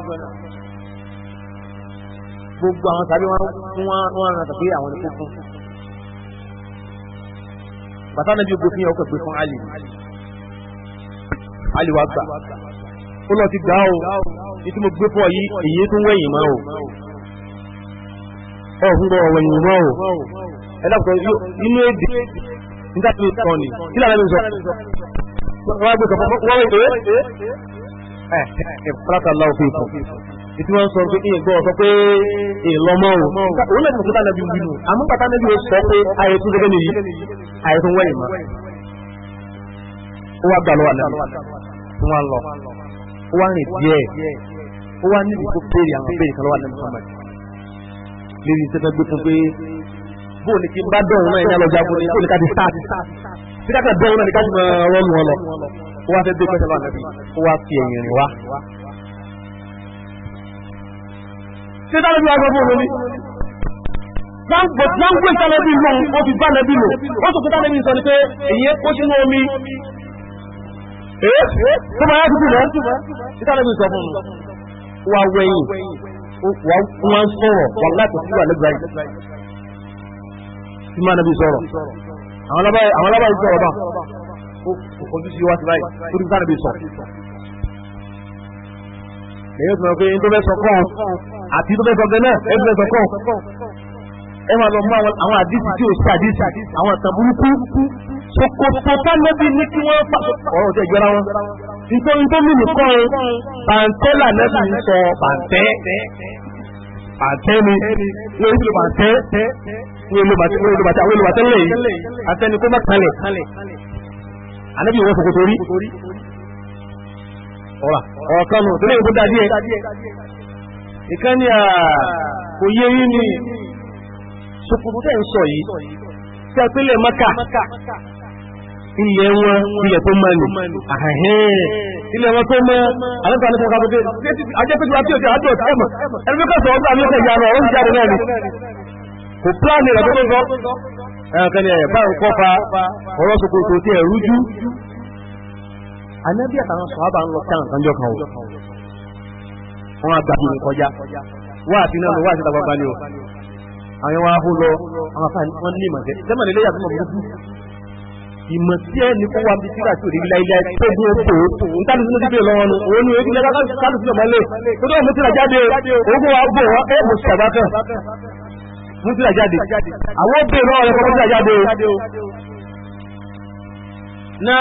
gbogbo àwọn tàbí wọn wọn ràn tàbí àwọn ní kókó bàtà náà bí ogun fi hàn ọkọ̀ gbé fún Ali Ali wa gbà ó lọ ti gbà ó ní tí mo gbé pọ̀ yìí èyí tó wẹ̀yìn o ó ọ̀hún bọ̀ ọ̀wẹ̀yìn mọ́ ó ẹ dàpọ̀ inú èdè nígbà tí mo sọ ni kí làwọn ẹni sọ wọ́n gbé sọ wọ́n wẹ̀ pé ẹ̀ ẹ̀ pátá láwọn fi kù ìtí wọ́n sọ pé ìgbọ́ sọ pé ìlọmọ o òun náà mọ̀kútà nàbí wínú àmúpàtà nàbí o sọ pé ayé tó gẹ́gẹ́ nìyí ayé tó wẹ̀yìn mọ́ ó wá gbà lọ́wọ́ àná wọ́n ó wá rìn díẹ̀ ó wá níbi kó péèrè àwọn péèrè kan lọ́wọ́ àná Muhammad lérí sẹ́fẹ́ gbé fún pé bóun ni kí n bá dọ̀hún náà ẹ̀yìn alọ́jà fún mi bóun ni ká ti sáà tí ká kà dọ̀hún náà ni ká ti máa rọ́ọ̀lù wọn lọ ó wá fẹ́ gbé pẹ́sẹ́ lọ́wọ́ ànábì ó wá fi ẹ̀yìn rìn wá. ṣé táwọn ibi wá sọ fún mi ni láńgbé táwọn ibi lò ó fi bá lẹ́bí lò ó sọ pé táwọn ibi sọ ni pé èyí kó sínú omi ee eh? tó bá yá títí lọ títàlẹ́ mi sọ fún mi wà wẹ̀yìn wọ́n sọ̀rọ̀ wà láti fún àlẹ́gbà yìí tí máa nàbí sọ̀rọ̀ àwọn alábàá yìí sọ̀rọ̀ bá ojú sí wá sí báyìí tó ti sáà nàbí sọ lẹ́yìn tó mọ̀ pé ní tó fẹ́ sọ kọ́ àti tó fẹ́ sọ gẹ́nà ẹ fẹ́ sọ kọ́ ẹ máa lọ mú àwọn àdìsí tí ò sí àdìsí àwọn àtàbùrúkú ṣòkòtò tánẹ́bí ní kí wọ́n fà ọ̀rọ̀ tẹ́ ìjọra wọn nítorí tó mú nìkan ẹ pàǹtẹ́ lànẹ́bí ń sọ pàǹtẹ́ pàǹtẹ́ ni wọ́n ń lo pàǹtẹ́ wọ́n ń lo pàǹtẹ́ wọ́n ń lo pàǹtẹ́ àwọn olùbàtẹ́ lẹ́yìn àtẹni kó má kalẹ̀ ànẹ́bí wọn ṣòkòtò rí ọ̀rà ọ̀kan nù tó lè kó dájú ẹ ìkànnì à kò yé yín ni ṣòkòtò tẹ̀ ń sọ yìí tẹ́ pélé mọ́kà ilẹ̀ wọn ilẹ̀ tó mọ́ ní àhẹ́hẹ́ ilẹ̀ wọn tó mọ́ alẹ́sàn ní kọ́kọ́ pé ajẹ́pẹ́jú àti òjò àjọ ọ̀tẹ́mọ̀ ẹni tó sọ ọgbà mẹ́fẹ́ ìyá rọ̀ oúnjẹ àrùn náà ni kò pláàni rẹ̀ tó sọ ẹ̀kẹ́ni ẹ̀ bá ń kọ́fà ọ̀rọ̀ sọ̀kò tó ti ẹ̀rú jú anábíà táwọn sọ̀hábà ń lọ sí àwọn kanjọ kan wọn á gbàgbé kọjá wá àti náà wá àti tàbá balẹ̀ o àwọn wọn á hó lọ àwọn afáàní wọn ní ìmọ̀jẹ́ sẹ́mọ̀ nílé yàtọ̀ mọ̀ ìmọ̀ tí ẹ ní kó wá bí síra tí ò nílá ilẹ̀ tó dúró tó ń tàbí sínú dídé lọ́wọ́ nu òun ni èyí lẹ́gbẹ́ kálù sílẹ̀ mọ́lẹ̀ tó dọ́wọ́ mú síra jáde ogún wa gbò wọ́n ẹ̀ mú síra bá kàn mú síra jáde àwọn òbí lọ́wọ́ rẹ̀ mú síra jáde o. na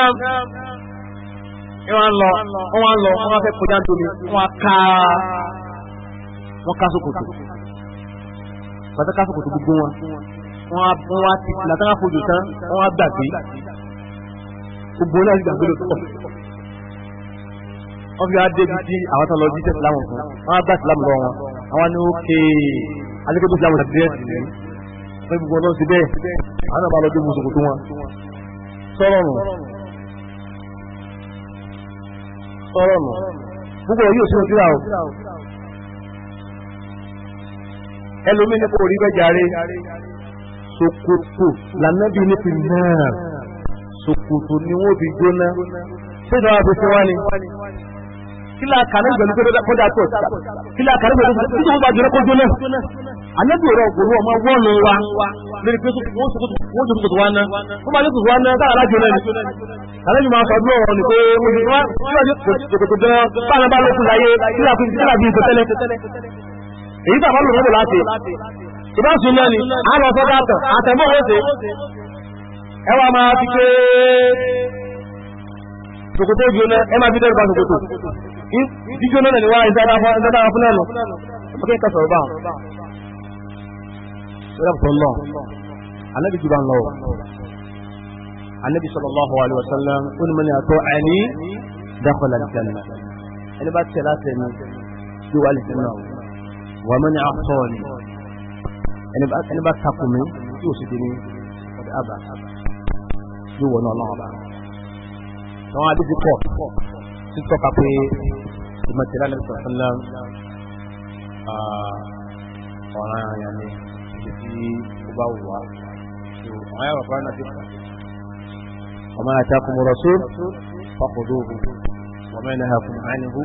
ẹ wá ń lọ wọn wá ń lọ wọn wá fẹ́ kọjá nítorí wọn ká wọn ká sókòtò pàtàkì sókòtò gbogbo wọn wọn wá ti látàkà fojú tán wọn wá gbàgbé gbogbo náà gbàgbé ló tọ̀ wọ́n fi wá débi tí àwọn tó lọ jíjẹ́ ìsìlámù fún wọn bá ìsìlámù lọ wọn àwọn ni ó ké alẹ́kẹ́ tó ìsìlámù dàbí ẹ̀sìn ní wọ́n gbogbo ọlọ́run ti bẹ́ẹ̀ àwọn náà bá lọ dé mùsùlùmù tó wọn sọ̀rọ̀ nù sọ̀rọ̀ nù gbogbo yìí ò sínú síra o ẹlòmínú kò rí bẹ́ẹ̀ járe sokoto lànà bí ní ti náà ṣòkòtò ni wọ́n fi jóná ṣé ìjọba fi fún wa ni kila kanu gbẹlu kọjá tó kila kanu gbẹlu kí ló ń bá jẹrẹ kọjọ náà anabi yọrọ òkòlù ọmọ wọnú wa lórí pé wọn sọ kòtò wa náà wọn bá yẹ kòtò wa náà sáà alájọ náà ni alájọ máa sọ bí ọ̀rọ̀ ni pé wọn yọ kòtò jẹrẹ báyọ bá lókun láyé kílà fún kílà bí ìtọ tẹ́lẹ̀ èyí tàbá lòun lò láti ìbá sùn náà ni àlọ sọdọ àtàn àtẹmọ ọwọ ẹ wá máa fi pé ṣòkòtò ìjọna ẹ máa fi dẹ́rù bá ṣòkòtò ìjọna náà ni wá ìdádára fún ẹnu ọkẹ́ ká sọ̀rọ̀ bá rẹ̀pọ̀ lọ anábì jù bá ń lọ anábì sallallahu alaihi wasallam ó ní mọ́ni àtọ́ àní dakhala al ẹni bá takùnmí tí ò sì dín ní ọ̀dọ̀ àbá yóò wọ̀ náà lọ́wọ́ bá. àwọn adébí pọ̀ tí tọ́ka pé ìmọ̀tẹ́lá ní sọ̀rọ̀ sọ́lá ọ̀ràn àyàn ni ibi tí ó bá wù wá. àwọn yàrá bàbá náà ti pọ̀. ọmọ àti akùnmọ̀rọ̀ só fàkòdó òhun ọmọ ẹ̀ náà kùn ánìhù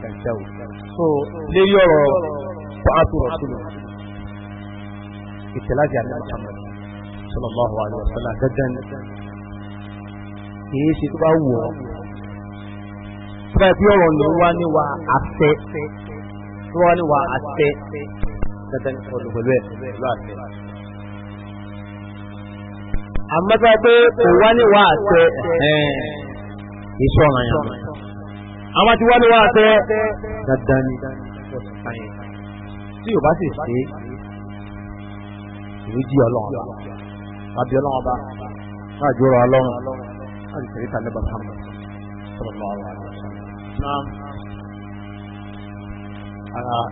kẹ̀kẹ́ ò. so lérí ọ̀rọ̀ fàátù rọ̀ sílùú ìtẹ̀lájà ní Muhammad sallallahu alaihi wa sallam gẹ́gẹ́ èyí ṣe tó bá wù ọ́ tó bá bí ọ̀rọ̀ ló wá ní wa àfẹ́ tó wá ní wa àfẹ́ dandan ní sọ̀rọ̀ pẹ̀lú ẹ̀ pẹ̀lú àfẹ́. àmọ́ tó pé kò wá ní wa àfẹ́ kì í sọ̀rọ̀ yẹn àmọ́ tí wá ní wa àfẹ́ dandan ní tí yóò bá sì ṣe ìwé jí ọlọ́run bá ọlọ́run bá náà ọlọ́run àdìsẹ́yìn tàbí Muhammad sallallahu alaihi wasallam.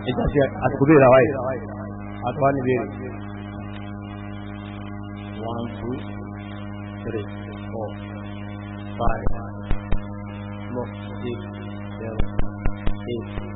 ìjà sí àsìkò bí ìlàwáyé àtúwá ní bèrè. one two three four five six seven eight.